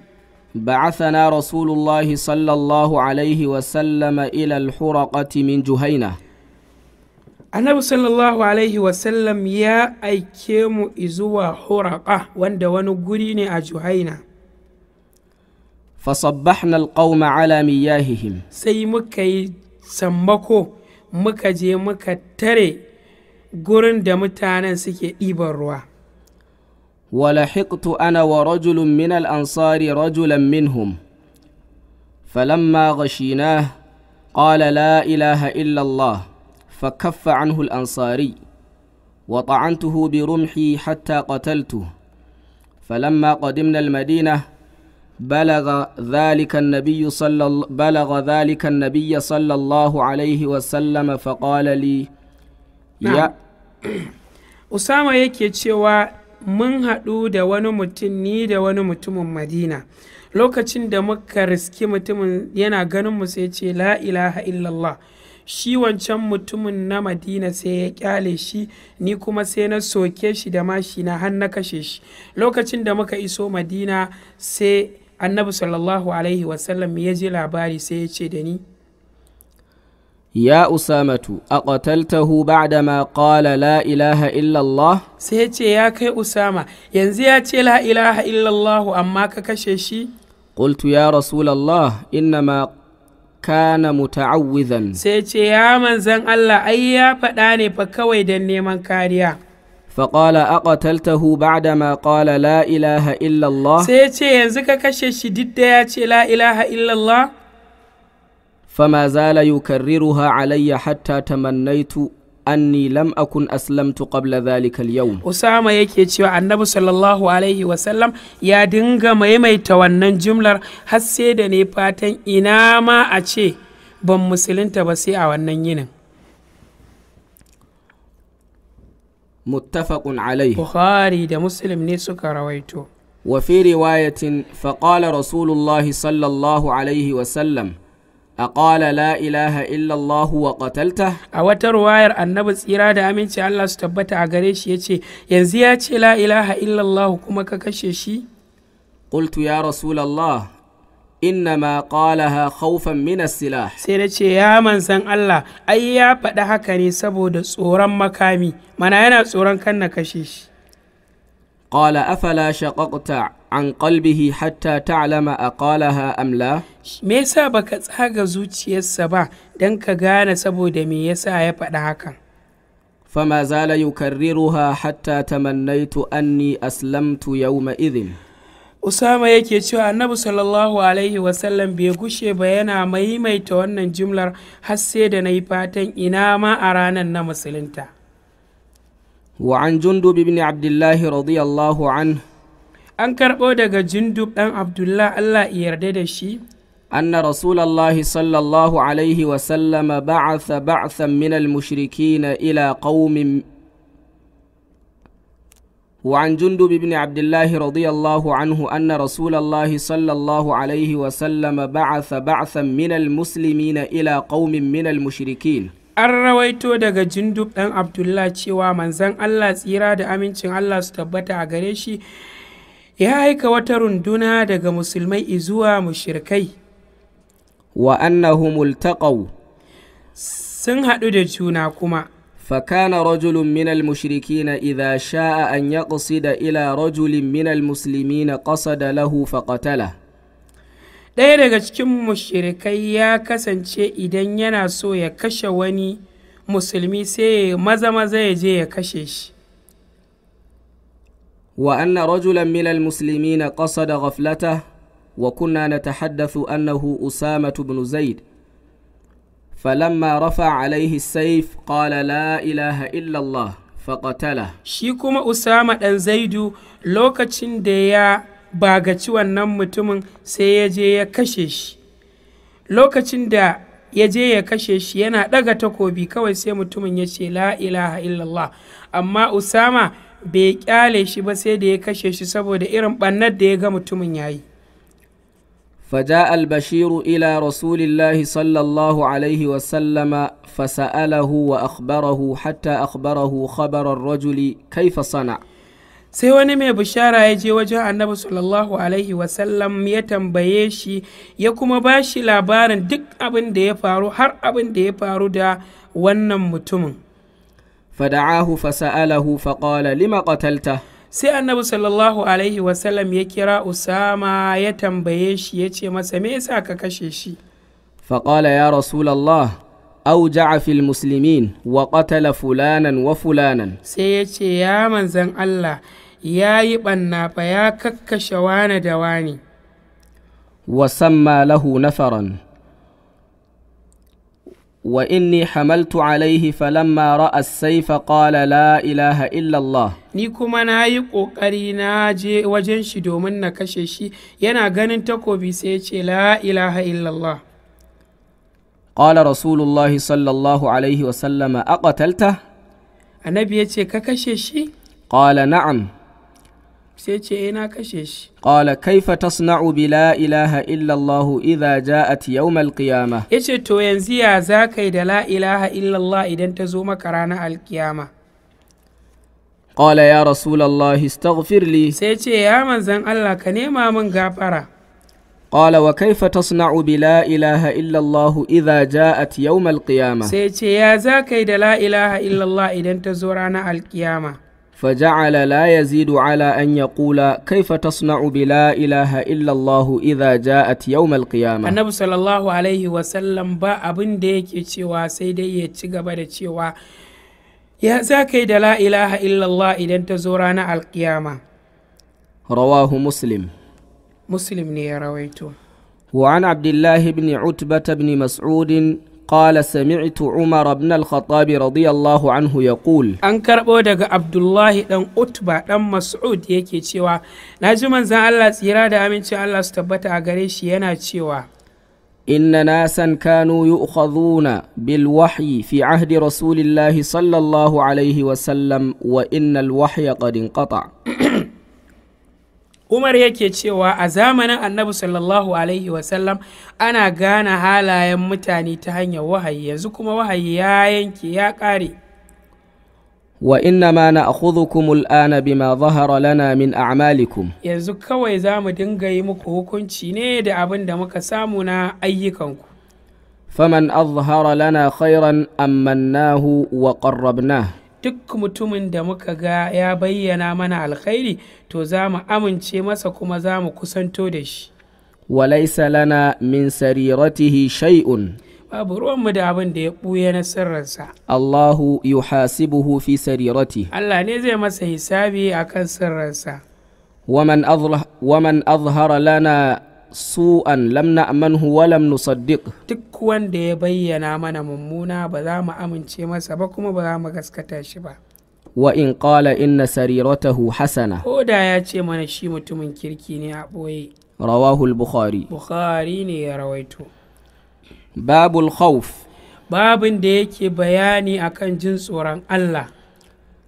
بعثنا رسول الله صلى الله عليه وسلم إلى الحرقة من جهينة annabi sallallahu alaihi sallam ya aike mu izuwa huraƙa wanda wani guri ne a juhaina fasabbahna alqauma ala miyahihim sai muka yi sammako muka je muka tare gurin da mutanen suke ɗiban ruwa ولحقت أنا ورجل من الأنصار رجلا منهم فلما غشيناه قال لا إله إلا الله فكف عنه الأنصاري وطعنته برمحي حتى قتلته فلما قدمنا المدينة بلغ ذلك النبي صلى بلغ ذلك النبي صلى الله عليه وسلم فقال لي يا أسامة yake cewa mun haɗu da wani mutum ni da wani mutumin madina lokacin da muka riski mutumin yana ganin mu sai ce la ilaha illallah shi wancan mutumin na madina sai ya kyale shi ni kuma sai na soke shi da mashi na har na kashe shi lokacin da muka iso madina sai annabi sallallahu alaihi wasallam ya ji labari sai ya ce da ni ya usamatu a ƙataltahu ba'da ma ƙala la ilaha illallah sai ce ya kai usama yanzu ya ce la ilaha illallah amma ka kashe shi Ƙultu ya rasulallah ma kana muta'awwidan sai ce ya manzan Allah ai ya faɗa ne fa kawai don neman kariya فقال أقتلته بعدما قال لا إله إلا الله سيتي ينزك كشش دد يا لا إله إلا الله فما زال يكررها علي حتى تمنيت anni lam akun aslamtu qabla dhalika al-yawm Usama yake cewa Annabi sallallahu alaihi wasallam ya dinga maimaita wannan jumlar har sai da ne fatan ina ma a ce ban musulunta ba sai a wannan yinin muttafaqun alaihi Bukhari da Muslim ne suka rawaito wa fi riwayatin faqala rasulullahi sallallahu alaihi wasallam ƙala la ilaha illallah wa ƙatalta. a wata ruwayar annabi tsira da aminci Allah su tabbata a gare shi ya ce, yanzu ya ce la ilaha illallah kuma ka kashe shi ƙultu ya rasulullah innama qalaha khawfan min sila sila. sai na ce ya manzan Allah ai ya faɗi haka ne saboda tsoron makami mana yana tsoron kan na kashe shi Ƙala afala shaƙaƙuta. an kalbihi hatta ta'lama aqalaha am la me yasa baka tsaga zuciyarsa ba dan ka gane saboda me yasa ya faɗa hakan fama zala yukarriruha hatta tamannaitu anni aslamtu yawma idhin Usama yake cewa Annabi sallallahu alaihi wasallam bai gushe ba yana maimaita wannan jumlar har sai da na yi fatan ina ma a ranar na musulunta. وعن جندب بن عبد الله رضي الله an karɓo daga jindub ɗan abdullah allah yarda da shi أن رسول الله صلى الله عليه وسلم بعث بعثا من المشركين إلى قوم وعن جندب بن عبد الله رضي الله عنه أن رسول الله صلى الله عليه وسلم بعث بعثا من المسلمين إلى قوم من المشركين an rawaito daga jindub ɗan abdullah cewa manzon allah tsira da amincin allah الله tabbata a ya aika wata runduna daga musulmai izuwa mushirkai wa annahum iltaqaw sun haɗu da juna kuma فكان رجل من المشركين إذا شاء أن يقصد إلى رجل من المسلمين قصد له فقتله ɗaya daga cikin mushrikai ya kasance idan yana so ya kashe wani musulmi sai maza maza ya je ya kashe shi wa an na rajulan minal musulmi na ƙasa da gaflata wa kunna na ta haddasu an na hu usama tubinu zai falamma rafa alaihi saif ƙala la ilaha illallah faƙatala shi kuma usama ɗan zaidu lokacin da ya bagaci nan mutumin sai ya ya kashe shi lokacin da ya je ya kashe shi yana ɗaga takobi kawai sai mutumin yace la ilaha illallah amma usama bai kyale shi ba sai da ya kashe shi saboda irin ɓannar da ya ga mutumin yayi faja al bashiru ila الله sallallahu Alaihi wasallama fasa'alahu wa وأخبره hatta أخبره khabarar rajuli kaifa sana. sai wani mai bishara ya je wajen annabi sallallahu alaihi wasallam ya tambaye shi ya kuma ba shi labarin duk abin da ya faru har abin da ya faru da wannan mutumin fada'ahu fasa'alahu faqala lima qatalta sai annabi sallallahu alaihi wasallam ya kira usama ya tambaye shi ya ce masa me yasa ka kashe shi Faƙala ya rasulallah auja'a fil muslimin wa ƙatala fulanan wa fulanan sai ya ce ya manzan Allah ya yi ɓanna fa ya kakkashe wane da wani Wasan lahu nafaran وإني حملت عليه فلما رأى السيف قال لا إله إلا الله ni kuma na yi ƙoƙari na je wajen shi domin na kashe shi yana ganin takobi sai ya ce la ilaha illallah qala rasulullahi sallallahu alaihi wa sallama aqatalta annabi ya ce ka kashe shi qala na'am sai ce eh na kashe shi qala kaifa tasna'u bi la ilaha illa Allah idza ja'at yawm al-qiyamah yace to yanzu ya zakai da la ilaha illa Allah idan ta zo maka ranar alkiyama qala ya rasulullah istaghfir li sai ce ya manzon Allah ka nema min gafara kaifa la قال وكيف تصنع بلا إله إلا الله إذا جاءت يوم القيامة سيتي يا زاكي لا إله إلا الله إذا انتزورنا القيامة فجعل لا يزيد على أن يقول كيف تصنع بلا إله إلا الله إذا جاءت يوم القيامة النبي صلى الله عليه وسلم با أبن ديك يتشوى سيدي يتشغب يتشوى يا زاكي لا إله إلا الله إذا تزورانا القيامة رواه مسلم مسلم ني رويته وعن عبد الله بن عتبة بن مسعود قال سمعت عمر بن الخطاب رضي الله عنه يقول an karɓo daga abdullahi ɗan utba ɗan mas'ud yake cewa na ji manzon Allah tsira da amincin Allah su tabbata a gare shi yana cewa إن ناسا كانوا يؤخذون بالوحي في عهد رسول الله صلى الله عليه وسلم وإن الوحي قد انقطع umar yake cewa a zamanin annabi sallallahu alaihi wasallam ana gane halayen mutane ta hanyar wahayi yanzu kuma wahayi ya yanke ya ƙare wa inna ma na akhudhukum al'ana ma zahara lana min a'malikum yanzu kawai za mu dinga yi muku hukunci ne da abin da muka samu na ayyukanku faman azhara lana khairan ammannahu wa qarrabnahu duk mutumin da muka ga ya bayyana mana alkhairi to za mu amince masa kuma za mu kusanto da shi walaisa lana min sariratihi shai'un. babu ruwanmu da abin da ya ɓuya na sirrinsa Allahu yuhasibuhu fi sarirati Allah ne zai masa hisabi akan sirrinsa Waman azhara lana su'an lamna manhu walam nusaddiq duk wanda ya bayyana mana mummuna ba za mu amince masa ba kuma ba za mu gaskata shi ba wa in qala inna sariratahu hasana ko da ya ce mana shi mutumin kirki ne a boye rawahu bukhari bukhari ne ya rawaito babul khawf babin da yake bayani akan jin tsoron Allah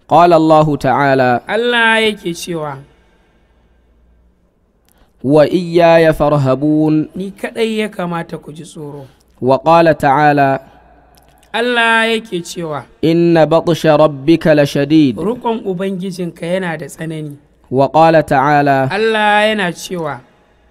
qala Allah ta'ala Allah yake cewa wa iya ya farhabun ni kaɗai ya kamata ku ji tsoro wa qala ta'ala Allah yake cewa inna batsha rabbika la shadid rukon ubangijinka yana da tsanani wa qala ta'ala Allah yana cewa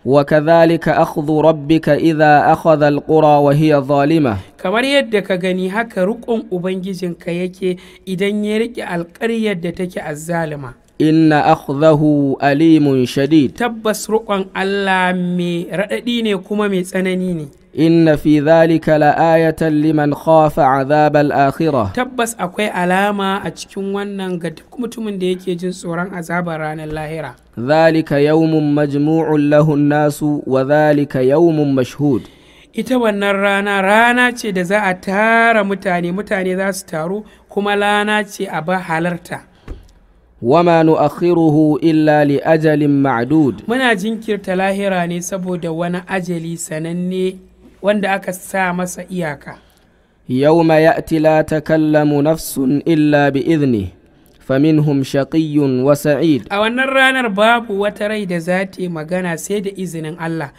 wa kadhalika akhdhu rabbika idha akhadha alqura wa hiya zalima kamar yadda ka gani haka rukon ubangijinka yake idan ya riƙe alƙaryar da take azzalima inna akhdahu alimun shadi. tabbas roƙon Allah mai raɗaɗi ne kuma mai tsanani ne inna fi zalika la'ayatan liman khafa azabal tabbas akwai alama a cikin wannan ga duk mutumin da yake jin tsoron azabar ranar lahira zalika yawmun majmu'un lahunasu nasu wa zalika yawmun mashhud ita wannan rana rana ce da za a tara mutane mutane za su taru kuma rana ce a ba halarta wama nu'akhiruhu illa li ajalin ma'dud muna jinkirta lahira ne saboda wani ajali sananne wanda aka sa masa iyaka yawma ya'ti la takallamu nafsun illa bi idni faminhum shaqiyyun wa sa'id a wannan ranar babu wata rai da zati magana sai da izinin Allah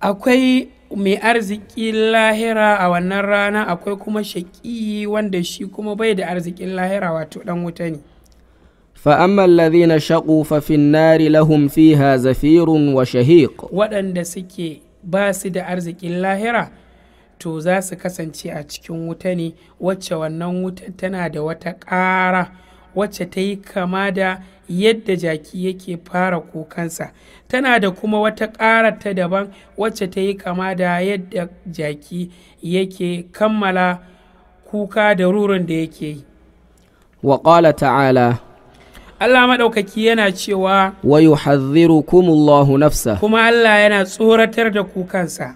akwai mai arziƙin lahira a wannan rana akwai kuma shaƙi wanda shi kuma bai da arzikin lahira wato ɗan wuta ne فأما الذين شقوا ففي النار لهم فيها زفير وشهيق waɗanda suke ba su da arzikin lahira to za su kasance a cikin wuta ne wacce wannan wuta tana da wata ƙara wacce ta yi kama da yadda jaki yake fara kukansa tana da kuma wata ƙara ta daban wacce ta yi kama da yadda jaki yake kammala kuka da rurin da yake yi ta'ala Allah maɗaukaki yana cewa wa yuhadhdhirukumullahu nafsa kuma Allah yana tsoratar da ku kansa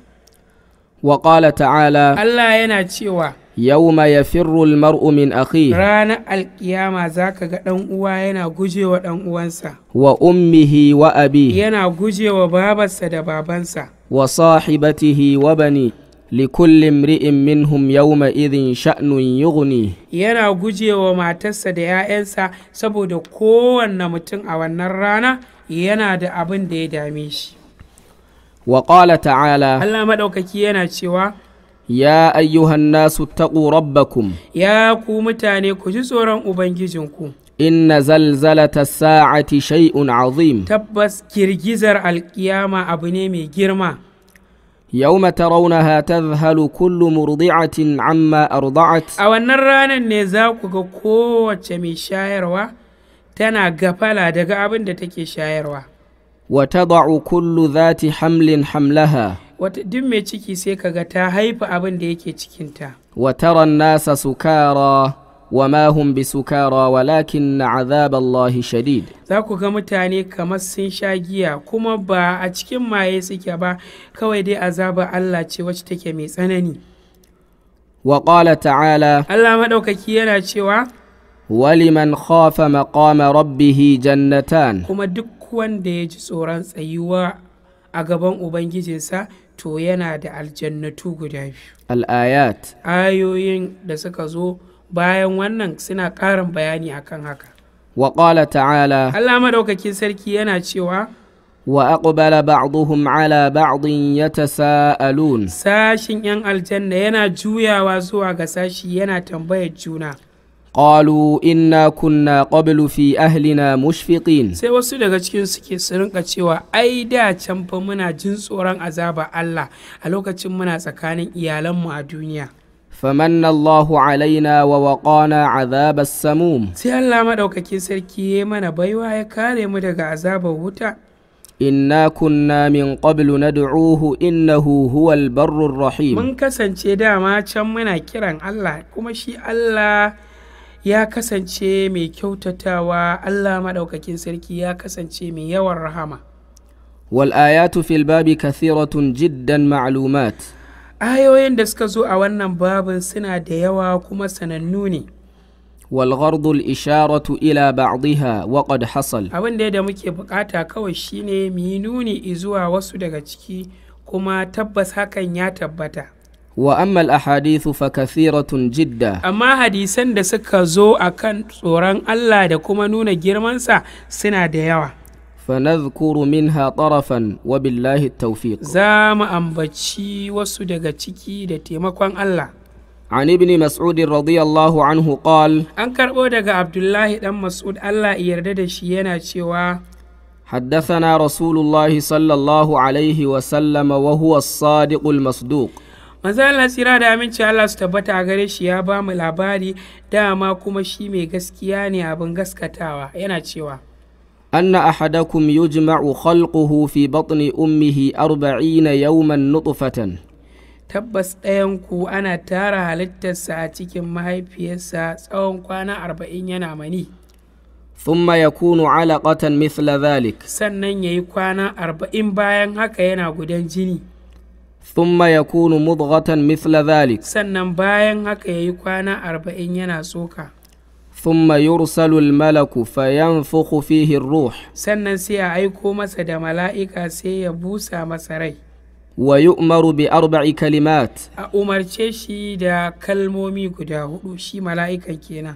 wa qala ta'ala Allah yana cewa yawma yafirru almar'u min akhi ranar alkiyama zaka ga dan uwa yana gujewa dan uwansa wa ummihi wa abi yana gujewa babarsa da babansa wa sahibatihi wa bani ri'in min minhum yawma idhin sha'nun yughni yana gujewa matarsa da 'ya'yansa saboda kowanne mutum a wannan rana yana da abin da ya dame shi wa qala ta'ala Allah madaukaki yana cewa ya ayyuhan nasu taqu rabbakum ya ku mutane ku ji tsoron ubangijinku inna zalzalata sa'ati shay'un azim tabbas girgizar alƙiyama abu ne mai girma Yau ma ta kullu ta zahalu kullum amma a rudo cat. ranar ne za ku ga kowace mai shayarwa tana gafala daga abin da take shayarwa. Wata dacu Kulu zati hamlin hamlaha. Wata ɗin mai ciki sai kaga ta haifa abin da yake cikinta. Wa taron nasa wa ma hum bisukara walakin azab Allah shadid za ku ga mutane kamar sun sha giya kuma ba a cikin maye suke ba kawai dai azabar Allah ce wacce take mai tsanani wa ta'ala Allah maɗaukaki yana cewa waliman khafa maqama rabbihi jannatan kuma duk wanda ya ji tsoron tsayuwa a gaban ubangijinsa to yana da aljannatu guda biyu al'ayat. ayoyin da suka zo bayan wannan suna ƙarin bayani akan haka wa ta'ala Allah madaukakin sarki yana cewa wa aqbala ba'dhum ala ba'din yatasaalun sashin yan aljanna yana juyawa zuwa ga sashi yana tambayar juna qalu inna kunna qablu fi ahlina mushfiƙin. sai wasu daga cikin suke su rinka cewa ai da can fa muna jin tsoron azaba Allah a lokacin muna tsakanin iyalanmu a duniya famanna Allahu alaina wa waqana azabas samum sai Allah maɗaukakin sarki ya mana baiwa ya kare mu daga azabar wuta inna kunna min qablu nad'uhu innahu huwal barrur rahim mun kasance dama can muna kiran Allah kuma shi Allah ya kasance mai kyautatawa Allah maɗaukakin sarki ya kasance mai yawan rahama. Wal'ayatu fil babi kathiratun jiddan ma'lumat. ayoyin da suka zo a wannan babin suna da yawa kuma sanannu ne والغرض isharatu ila بعضها wakad hasal. abin da muke bukata kawai shine mu nuni izuwa wasu daga ciki kuma tabbas hakan ya tabbata wa ammal ahadithu fa kathiratun jidda amma hadisan da suka zo a kan tsoron Allah da kuma nuna girmansa suna da yawa فنذكر منها طرفا وبالله التوفيق زام أنبتشي وسدق تكي لتيمكوان الله عن ابن مسعود رضي الله عنه قال أنكر أودك عبد الله بن مسعود الله يردد شينا شوا حدثنا رسول الله صلى الله عليه وسلم وهو الصادق المصدوق manzo سيرا دامن شاء الله Allah غريش يا بام gare داما ya ba mu labari dama kuma shi أن أحدكم يجمع خلقه في بطن أمه أربعين يوما نطفة tabbas ɗayanku ana tara halittarsa a cikin mahaifiyarsa tsawon kwana arba'in yana mani thumma yakunu alaqatan mithla dhalik sannan yayi kwana arba'in bayan haka yana gudan jini thumma yakunu mudghatan mithla dhalik sannan bayan haka yayi kwana arba'in yana tsoka thumma yursalu al-malaku fayanfukhu fihi ar-ruh sannan sai a aiko masa da mala'ika sai ya busa masa rai wa yu'maru bi arba'i kalimat a umarce shi da kalmomi guda hudu shi mala'ikan kenan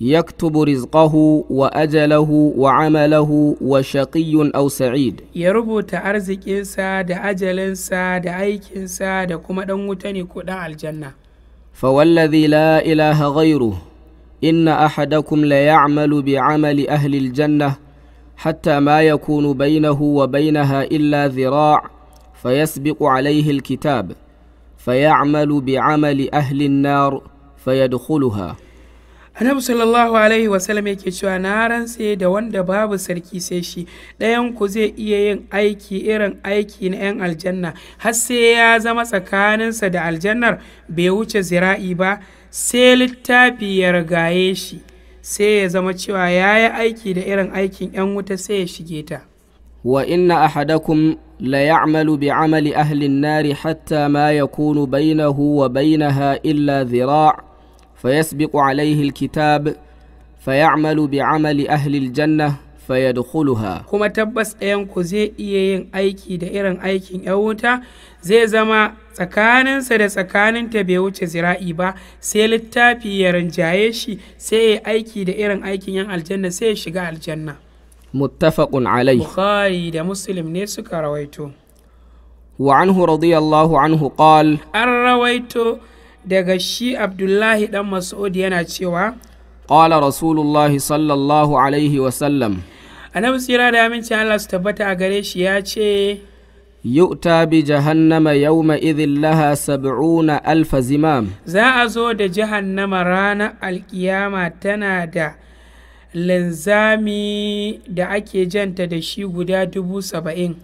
yaktubu rizqahu wa ajalahu wa amalahu wa shaqiyyun aw sa'id ya rubuta arzikinsa da ajalinsa da aikinsa da kuma dan wuta ne ko dan aljanna fa wallazi la ilaha ghayruhu إن أحدكم ليعمل بعمل أهل الجنة حتى ما يكون بينه وبينها إلا ذراع فيسبق عليه الكتاب فيعمل بعمل أهل النار فيدخلها annabi sallallahu alaihi wasallam yake cewa na rantse da wanda babu sarki sai shi ɗayan ku zai iya yin aiki irin aiki na 'yan aljanna har sai ya zama tsakaninsa da aljannar bai wuce zira'i ba sai littafi ya rigaye shi sai ya zama cewa ya yi aiki da irin aikin 'yan wuta sai ya shige ta. Wa inna ahadakum la ya'malu bi amali ahlin nari hatta ma ya kunu bainahu wa bainaha illa zira' fayasbiqu alaihi alkitab ya'malu bi amali ahlil Janna. fayadkhuluha kuma tabbas ɗayan ku zai iya yin aiki da irin aikin yan wuta zai zama tsakaninsa da tsakaninta bai wuce zira'i ba sai littafi ya rinjaye shi sai ya aiki da irin aikin yan aljanna sai ya shiga aljanna muttafaqun alai bukhari da muslim ne suka rawaito wa anhu radiyallahu anhu qal an rawaito daga shi abdullahi dan mas'ud yana cewa Ala rasulullahi sallallahu alaihi wasallam annabi tsira da aminci Allah su tabbata a gare shi ya ce yu'ta bi jahannama yawma idhin laha sab'una alfazimam. zimam za a zo da jahannama ranar alkiyama tana da linzami da ake janta da shi guda dubu saba'in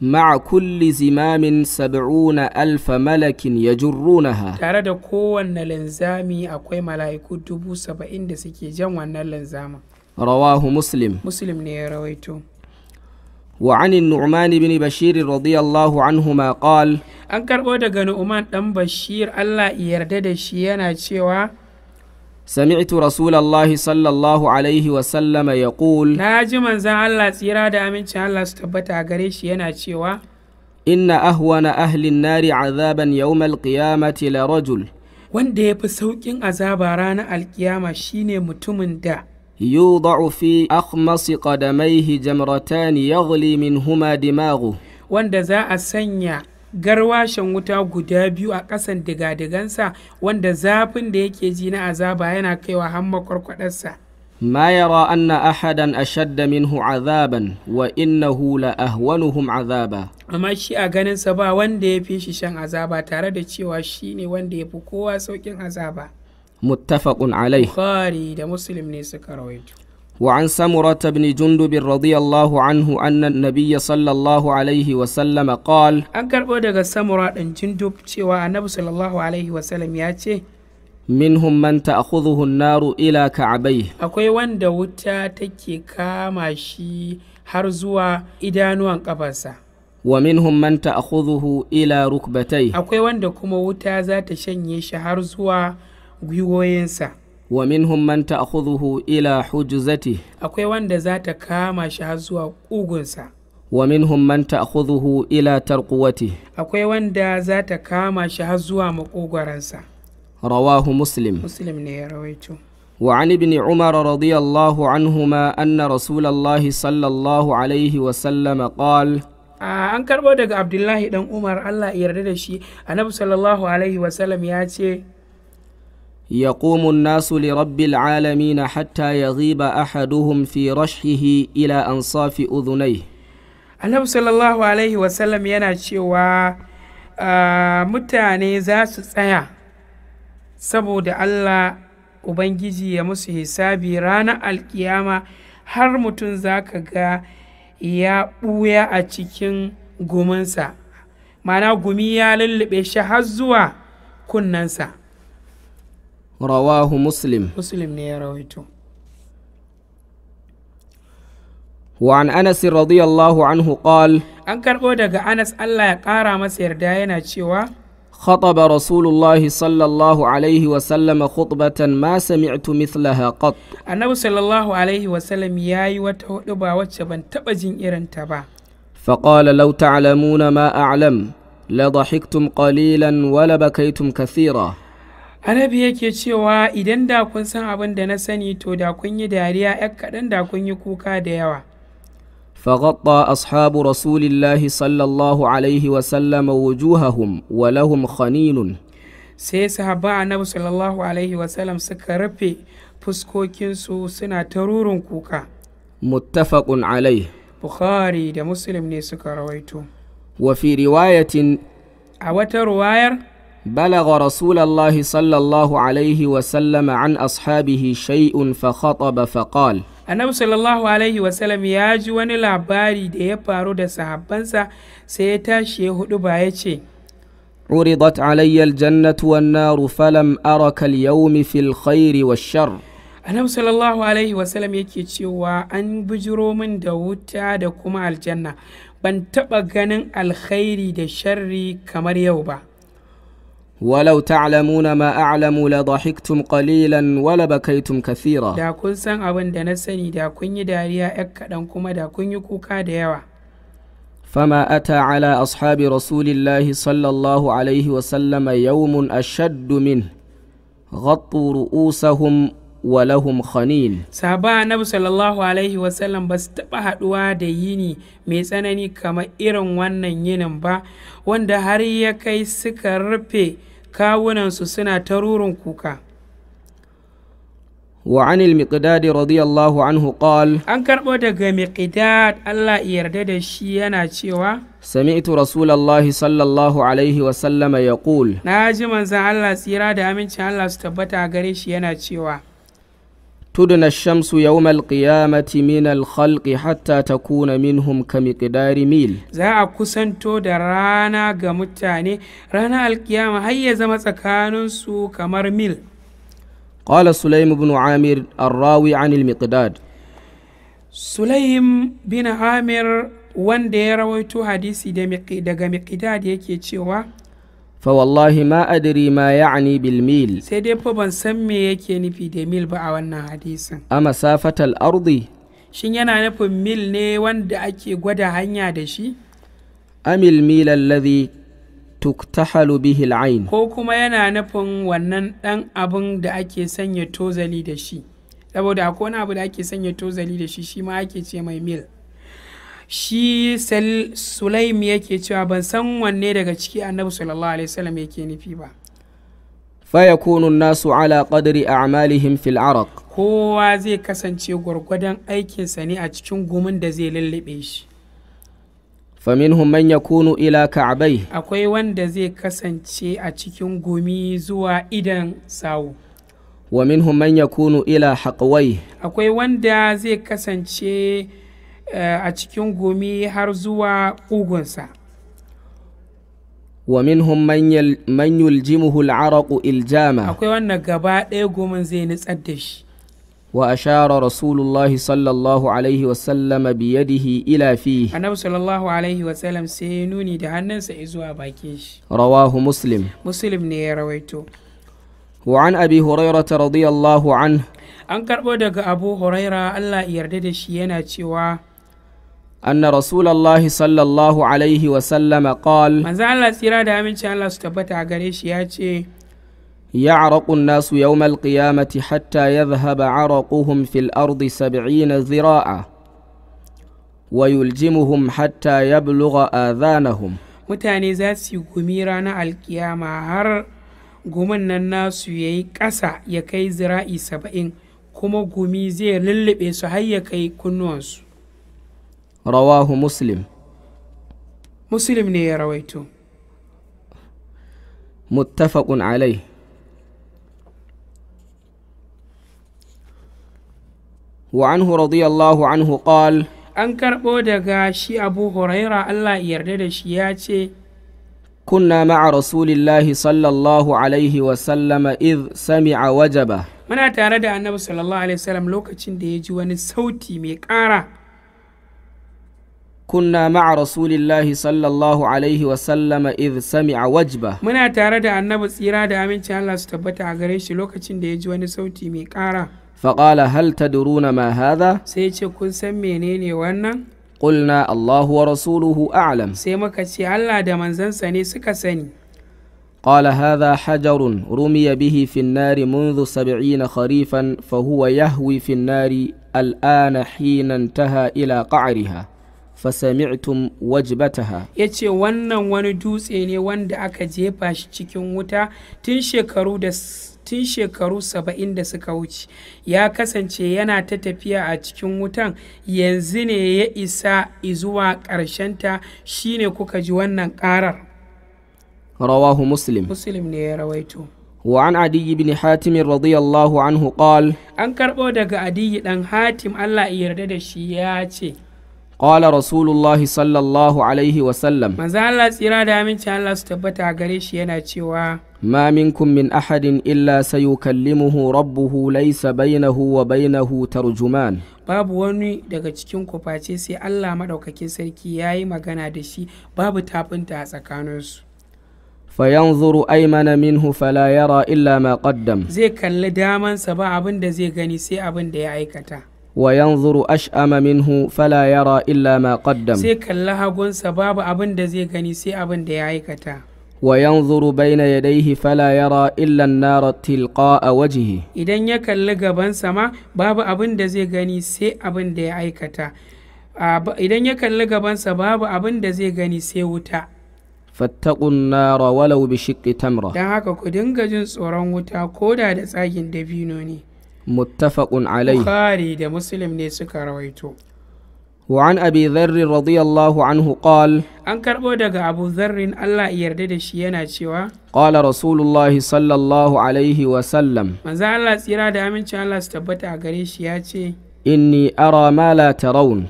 ma'a kulli zimamin sab'una alfa malakin ya jurrunaha tare da kowanne linzami akwai mala'iku dubu saba'in da suke jan wannan linzamin rawahu muslim muslim ne ya rawaito وعن النعمان بن بشير رضي الله عنهما قال أنكر أودا نعمان دم بشير الله shi, yana cewa. سمعت رسول الله صلى الله عليه وسلم يقول ناجي من زان الله تيرا دا أمين الله ستبتا غريش ينا تشيوا إن أهون أهل النار عذابا يوم القيامة لرجل wanda ya fi sauƙin azaba ranar alkiyama shine mutumin da yuḍa'u fi akhmasi qadamayhi jamratani min huma dimaghu wanda za a sanya garwashin wuta guda biyu a ƙasan diga-digansa wanda zafin da yake ji na azaba yana kaiwa har makwarkwadarsa ما يرى أن أحدا أشد hula عذابا wani لأهونهم azaba. amma shi a ganinsa ba wanda ya fi shi shan azaba tare da cewa shi ne wanda ya fi kowa sauƙin azaba muttafaqun alai bukhari da muslim ne suka rawaito وعن سمرة بن جندب رضي الله عنه أن النبي صلى الله عليه وسلم قال أنكر بودك سمرة بن جندب سوى النبي صلى الله عليه وسلم ياتي منهم من تأخذه النار إلى كعبيه أكوي وان دوتا تكي كاماشي هرزوا إدانو أنقبسا ومنهم من تأخذه إلى ركبتيه أكوي وان دوكما وتا ذات شنيش هرزوا غيوينسا wa minhum man ta'khudhuhu ila hujzati akwai wanda za ta kama shi har zuwa kugunsa wa minhum man ta'khudhuhu ila tarquwati akwai wanda za ta kama shi har zuwa makogoransa rawahu muslim muslim ne ya rawaito وعن ابن عمر umar radiyallahu عنهما أن رسول sallallahu alaihi wa sallam وسلم قال an karbo daga abdullahi dan umar allah yarda da shi annabi sallallahu alaihi wasallam ya ce يقوم الناس لرب العالمين حتى يغيب أحدهم في رشحه إلى أنصاف أذنيه النبي صلى الله عليه yana cewa mutane ذات سيا tsaya saboda Allah Ubangiji ya musu hisabi ranar alkiyama har mutum za ka ga ya ɓuya a cikin guminsa mana gumi ya lullube shi har zuwa kunnensa. rawahu muslim muslim ne ya rawaito وعن أنس رضي الله عنه قال أن كربو دقى أنس ألا يقارى مسير داينا تشيوا خطب رسول الله صلى الله عليه وسلم خطبة ما سمعت مثلها قط النبي صلى الله عليه وسلم ياي وتهدبا وتشبن تبجين إيران تبا فقال لو تعلمون ما أعلم لضحكتم قليلا ولبكيتم كثيرا anabi yake cewa idan da kun san abin da na sani to da kun yi dariya ‘yan kaɗan da kun yi kuka da yawa. فغطى ashabu رسول الله wa الله عليه وسلم وجوههم ولهم خنين sai sahaba nabu sallallahu alaihi wasallam suka rufe fuskokinsu suna ta rurin kuka muttafaqun alai bukhari da muslim ne suka rawaito Wafi riwayatin a wata ruwayar بلغ رسول الله صلى الله عليه وسلم عن أصحابه شيء فخطب فقال annabi sallallahu alaihi wasallam ya ji wani labari da ya faru da sahabbansa sai ya tashi ya hudu ba ya ce عرضت علي الجنة والنار فلم أرك اليوم في الخير والشر annabi sallallahu alaihi wasallam yake cewa an bijiro min da wuta da kuma aljanna ban taɓa ganin alkhairi da sharri kamar yau ba walau ta'lamuna ma a'lamu la dhahiktum qalilan wala bakaytum kathira da kun san abin da na sani da kun yi dariya yak kaɗan kuma da kun yi kuka da yawa fama ata على ashabi رسول الله صلى الله عليه وسلم يوم wa lahum khanin sahaba annabi sallallahu alaihi wasallam ba su taba haduwa da yini mai tsanani kamar irin wannan yinin ba wanda har ya kai suka rufe kawunansu suna ta rurin kuka وعن المقداد رضي الله عنه قال أن كربو دغ مقداد yarda da shi yana cewa sami'tu رسول الله صلى الله عليه وسلم Na ji manzan Allah tsira da amincin Allah su tabbata gare shi yana cewa تدنى الشمس يوم القيامة من الخلق حتى تكون منهم كمقدار mil. za a kusanto da rana ga mutane rana alƙiyama har ya zama tsakaninsu kamar mil قال سليم بن عامر الراوي عن المقداد سليم بن عامر wanda ya rawaito hadisi daga miqdad yake cewa fa wallahi ma adri ma ya'ni bil mil sai dai fa ban san me yake nufi da mil ba a wannan hadisin a masafatal ardi shin yana nufin mil ne wanda ake gwada hanya da shi amil mil alladhi tuktahalu bihi al'ain ko kuma yana nufin wannan dan abin da ake sanya tozali da shi saboda akwai wani abu da ake sanya tozali da shi shi ma ake ce mai mil shi sulaim yake cewa ban san wanne daga ciki annabi sallallahu alaihi wasallam yake nufi ba fayakunu nasu ala qadri a'malihim fil araq kowa zai kasance gwargwadon aikinsa ne a cikin gumin da zai lullube shi faminhum man yakunu ila ka'bai akwai wanda zai kasance a cikin gumi zuwa idan sawu wa minhum man yakunu ila haqwai akwai wanda zai kasance Eh, a cikin gumi har zuwa ƙugunsa wa min minhum man yuljimuhu al'araqu iljama akwai wannan gaba ɗaya gomin zai nutsar da shi wa ashara rasulullahi sallallahu alaihi wasallama biyadihi ila fi annabi sallallahu alaihi wasallam sai nuni da hannunsa zuwa bakin shi rawahu muslim muslim ne ya rawaito abi وعن أبي An رضي الله عنه أنكر بودك أبو yarda da shi yana cewa. أن رسول الله صلى الله عليه وسلم قال شاء الله ياتي يعرق الناس يوم القيامة حتى يذهب عرقهم في الأرض سبعين ذراعا ويلجمهم حتى يبلغ آذانهم متاني za su القيامة هر ranar الناس har gumin nan nasu ya yi ƙasa ya kai zira'i rawahu muslim muslim ne ya rawaito muttafaƙun alai wa رضي الله عنه قال an karɓo daga shi abu huraira Allah yarda da shi ya ce kunna ma'a rasulillahi sallallahu alaihi wasallama iz sami'a wajaba muna tare da annabi sallallahu alaihi sallam lokacin da ya ji wani sauti mai ƙara kunna ma'a rasulillahi sallallahu alaihi wasallama idh sami'a wajba muna tare da annabi tsira da amincin Allah su tabbata a gare shi lokacin da ya ji wani sauti mai ƙara faƙala hal tadruna ma hadha sai ce kun san menene wannan qulna Allah wa rasuluhu a'lam sai muka ce Allah da manzansa ne suka sani قال هذا hajarun rumiya bihi في النار منذ سبعين خريفا فهو يهوي في النار الآن حين انتهى إلى قعرها fasami'tum Ya ce wannan wani dutse ne wanda aka jefa shi cikin wuta tun shekaru da tun shekaru saba'in da suka wuce ya kasance yana ta tafiya a cikin wutan yanzu ne ya isa zuwa ƙarshenta shine kuka ji wannan ƙarar rawahu muslim muslim ne ya rawaito وعن عدي بن حاتم رضي الله عنه قال أنكر Allah عدي بن حاتم الله ya ce. Ƙwala Rasulullahi sallallahu Alaihi wasallam. Maza Allah tsira da aminci Allah su tabbata gare shi yana cewa. Ma kun min ahadin illa muhu, rabbuhu laisa bainahu wa bainahu tarjuman. Babu wani daga cikin kuface sai Allah maɗaukakin sarki ya yi magana da shi babu tafinta a tsakaninsu. fayanzuru aimana minhu fala yara illa ma zai kalli damansa ba abin da zai gani sai abin da ya aikata wa yanzuru ashama minhu fala yara illa ma kaddam sai kalla hagunsa babu abin da zai gani sai abin da ya aikata wa yanzuru baina ya daihi fala yara illa nara tilka a wajihi idan ya kalli gabansa ma babu abin da zai gani sai abin da ya aikata idan ya kalli gabansa babu abin da zai gani sai wuta fattakun nara walau bishik tamra don haka ku dinga jin tsoron wuta ko da da tsagin dabino ne muttafaqun alai bukhari da muslim ne suka rawaito وعن أبي ذر رضي الله عنه قال أن كربو دقى أبو ذر الله يرد شينا شوا قال رسول الله صلى الله عليه وسلم ماذا الله سيرا دا أمين شان الله استبتع قريش ياتي إني أرى ما لا ترون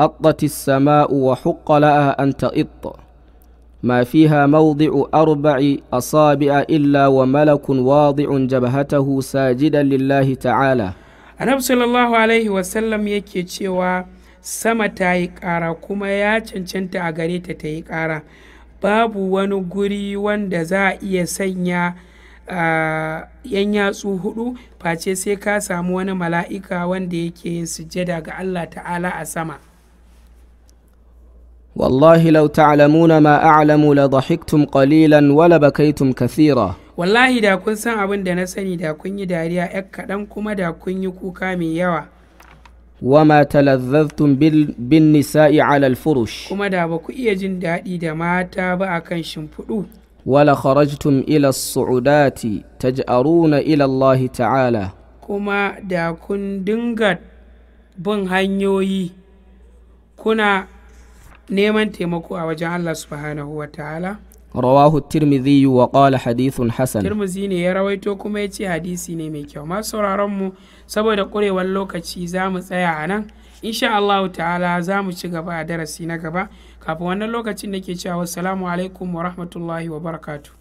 أطت السماء وحق لها أن تئط ما فيها موضع أربع أصابع إلا وملك واضع جبهته ساجدا لله تعالى annabi sallallahu alaihi wasallam yake cewa sama ta yi ƙara kuma ya cancanta a gare ta ta yi ƙara babu wani guri wanda za a iya sanya yan yatsu huɗu face sai ka samu wani mala'ika wanda yake yin sujada ga allah ta'ala a sama wallahi lau ta'lamuna ma a'lamu la dhahiktum qalilan wala bakaitum kathira wallahi da kun san abin da na sani da kun yi dariya 'yar kaɗan kuma da kun yi kuka mai yawa wama talazzaztum bin nisa'i ala al-furush kuma da ba ku iya jin daɗi da mata ba akan shimfiɗu wala kharajtum ila as-su'udati taj'aruna ila Allah ta'ala kuma da kun dinga bin hanyoyi kuna neman taimako a wajen Allah subhanahu wa ta'ala rawahu tirmidhi wa qala hadithun hassan tirmidhi ne ya rawaito kuma ya ce hadisi ne mai kyau masu sauraron mu saboda kurewar lokaci za mu tsaya a nan insha Allah ta'ala za mu ci gaba a darasi na gaba kafin wannan lokacin da nake cewa salamu alaikum wa rahmatullahi wa barakatu.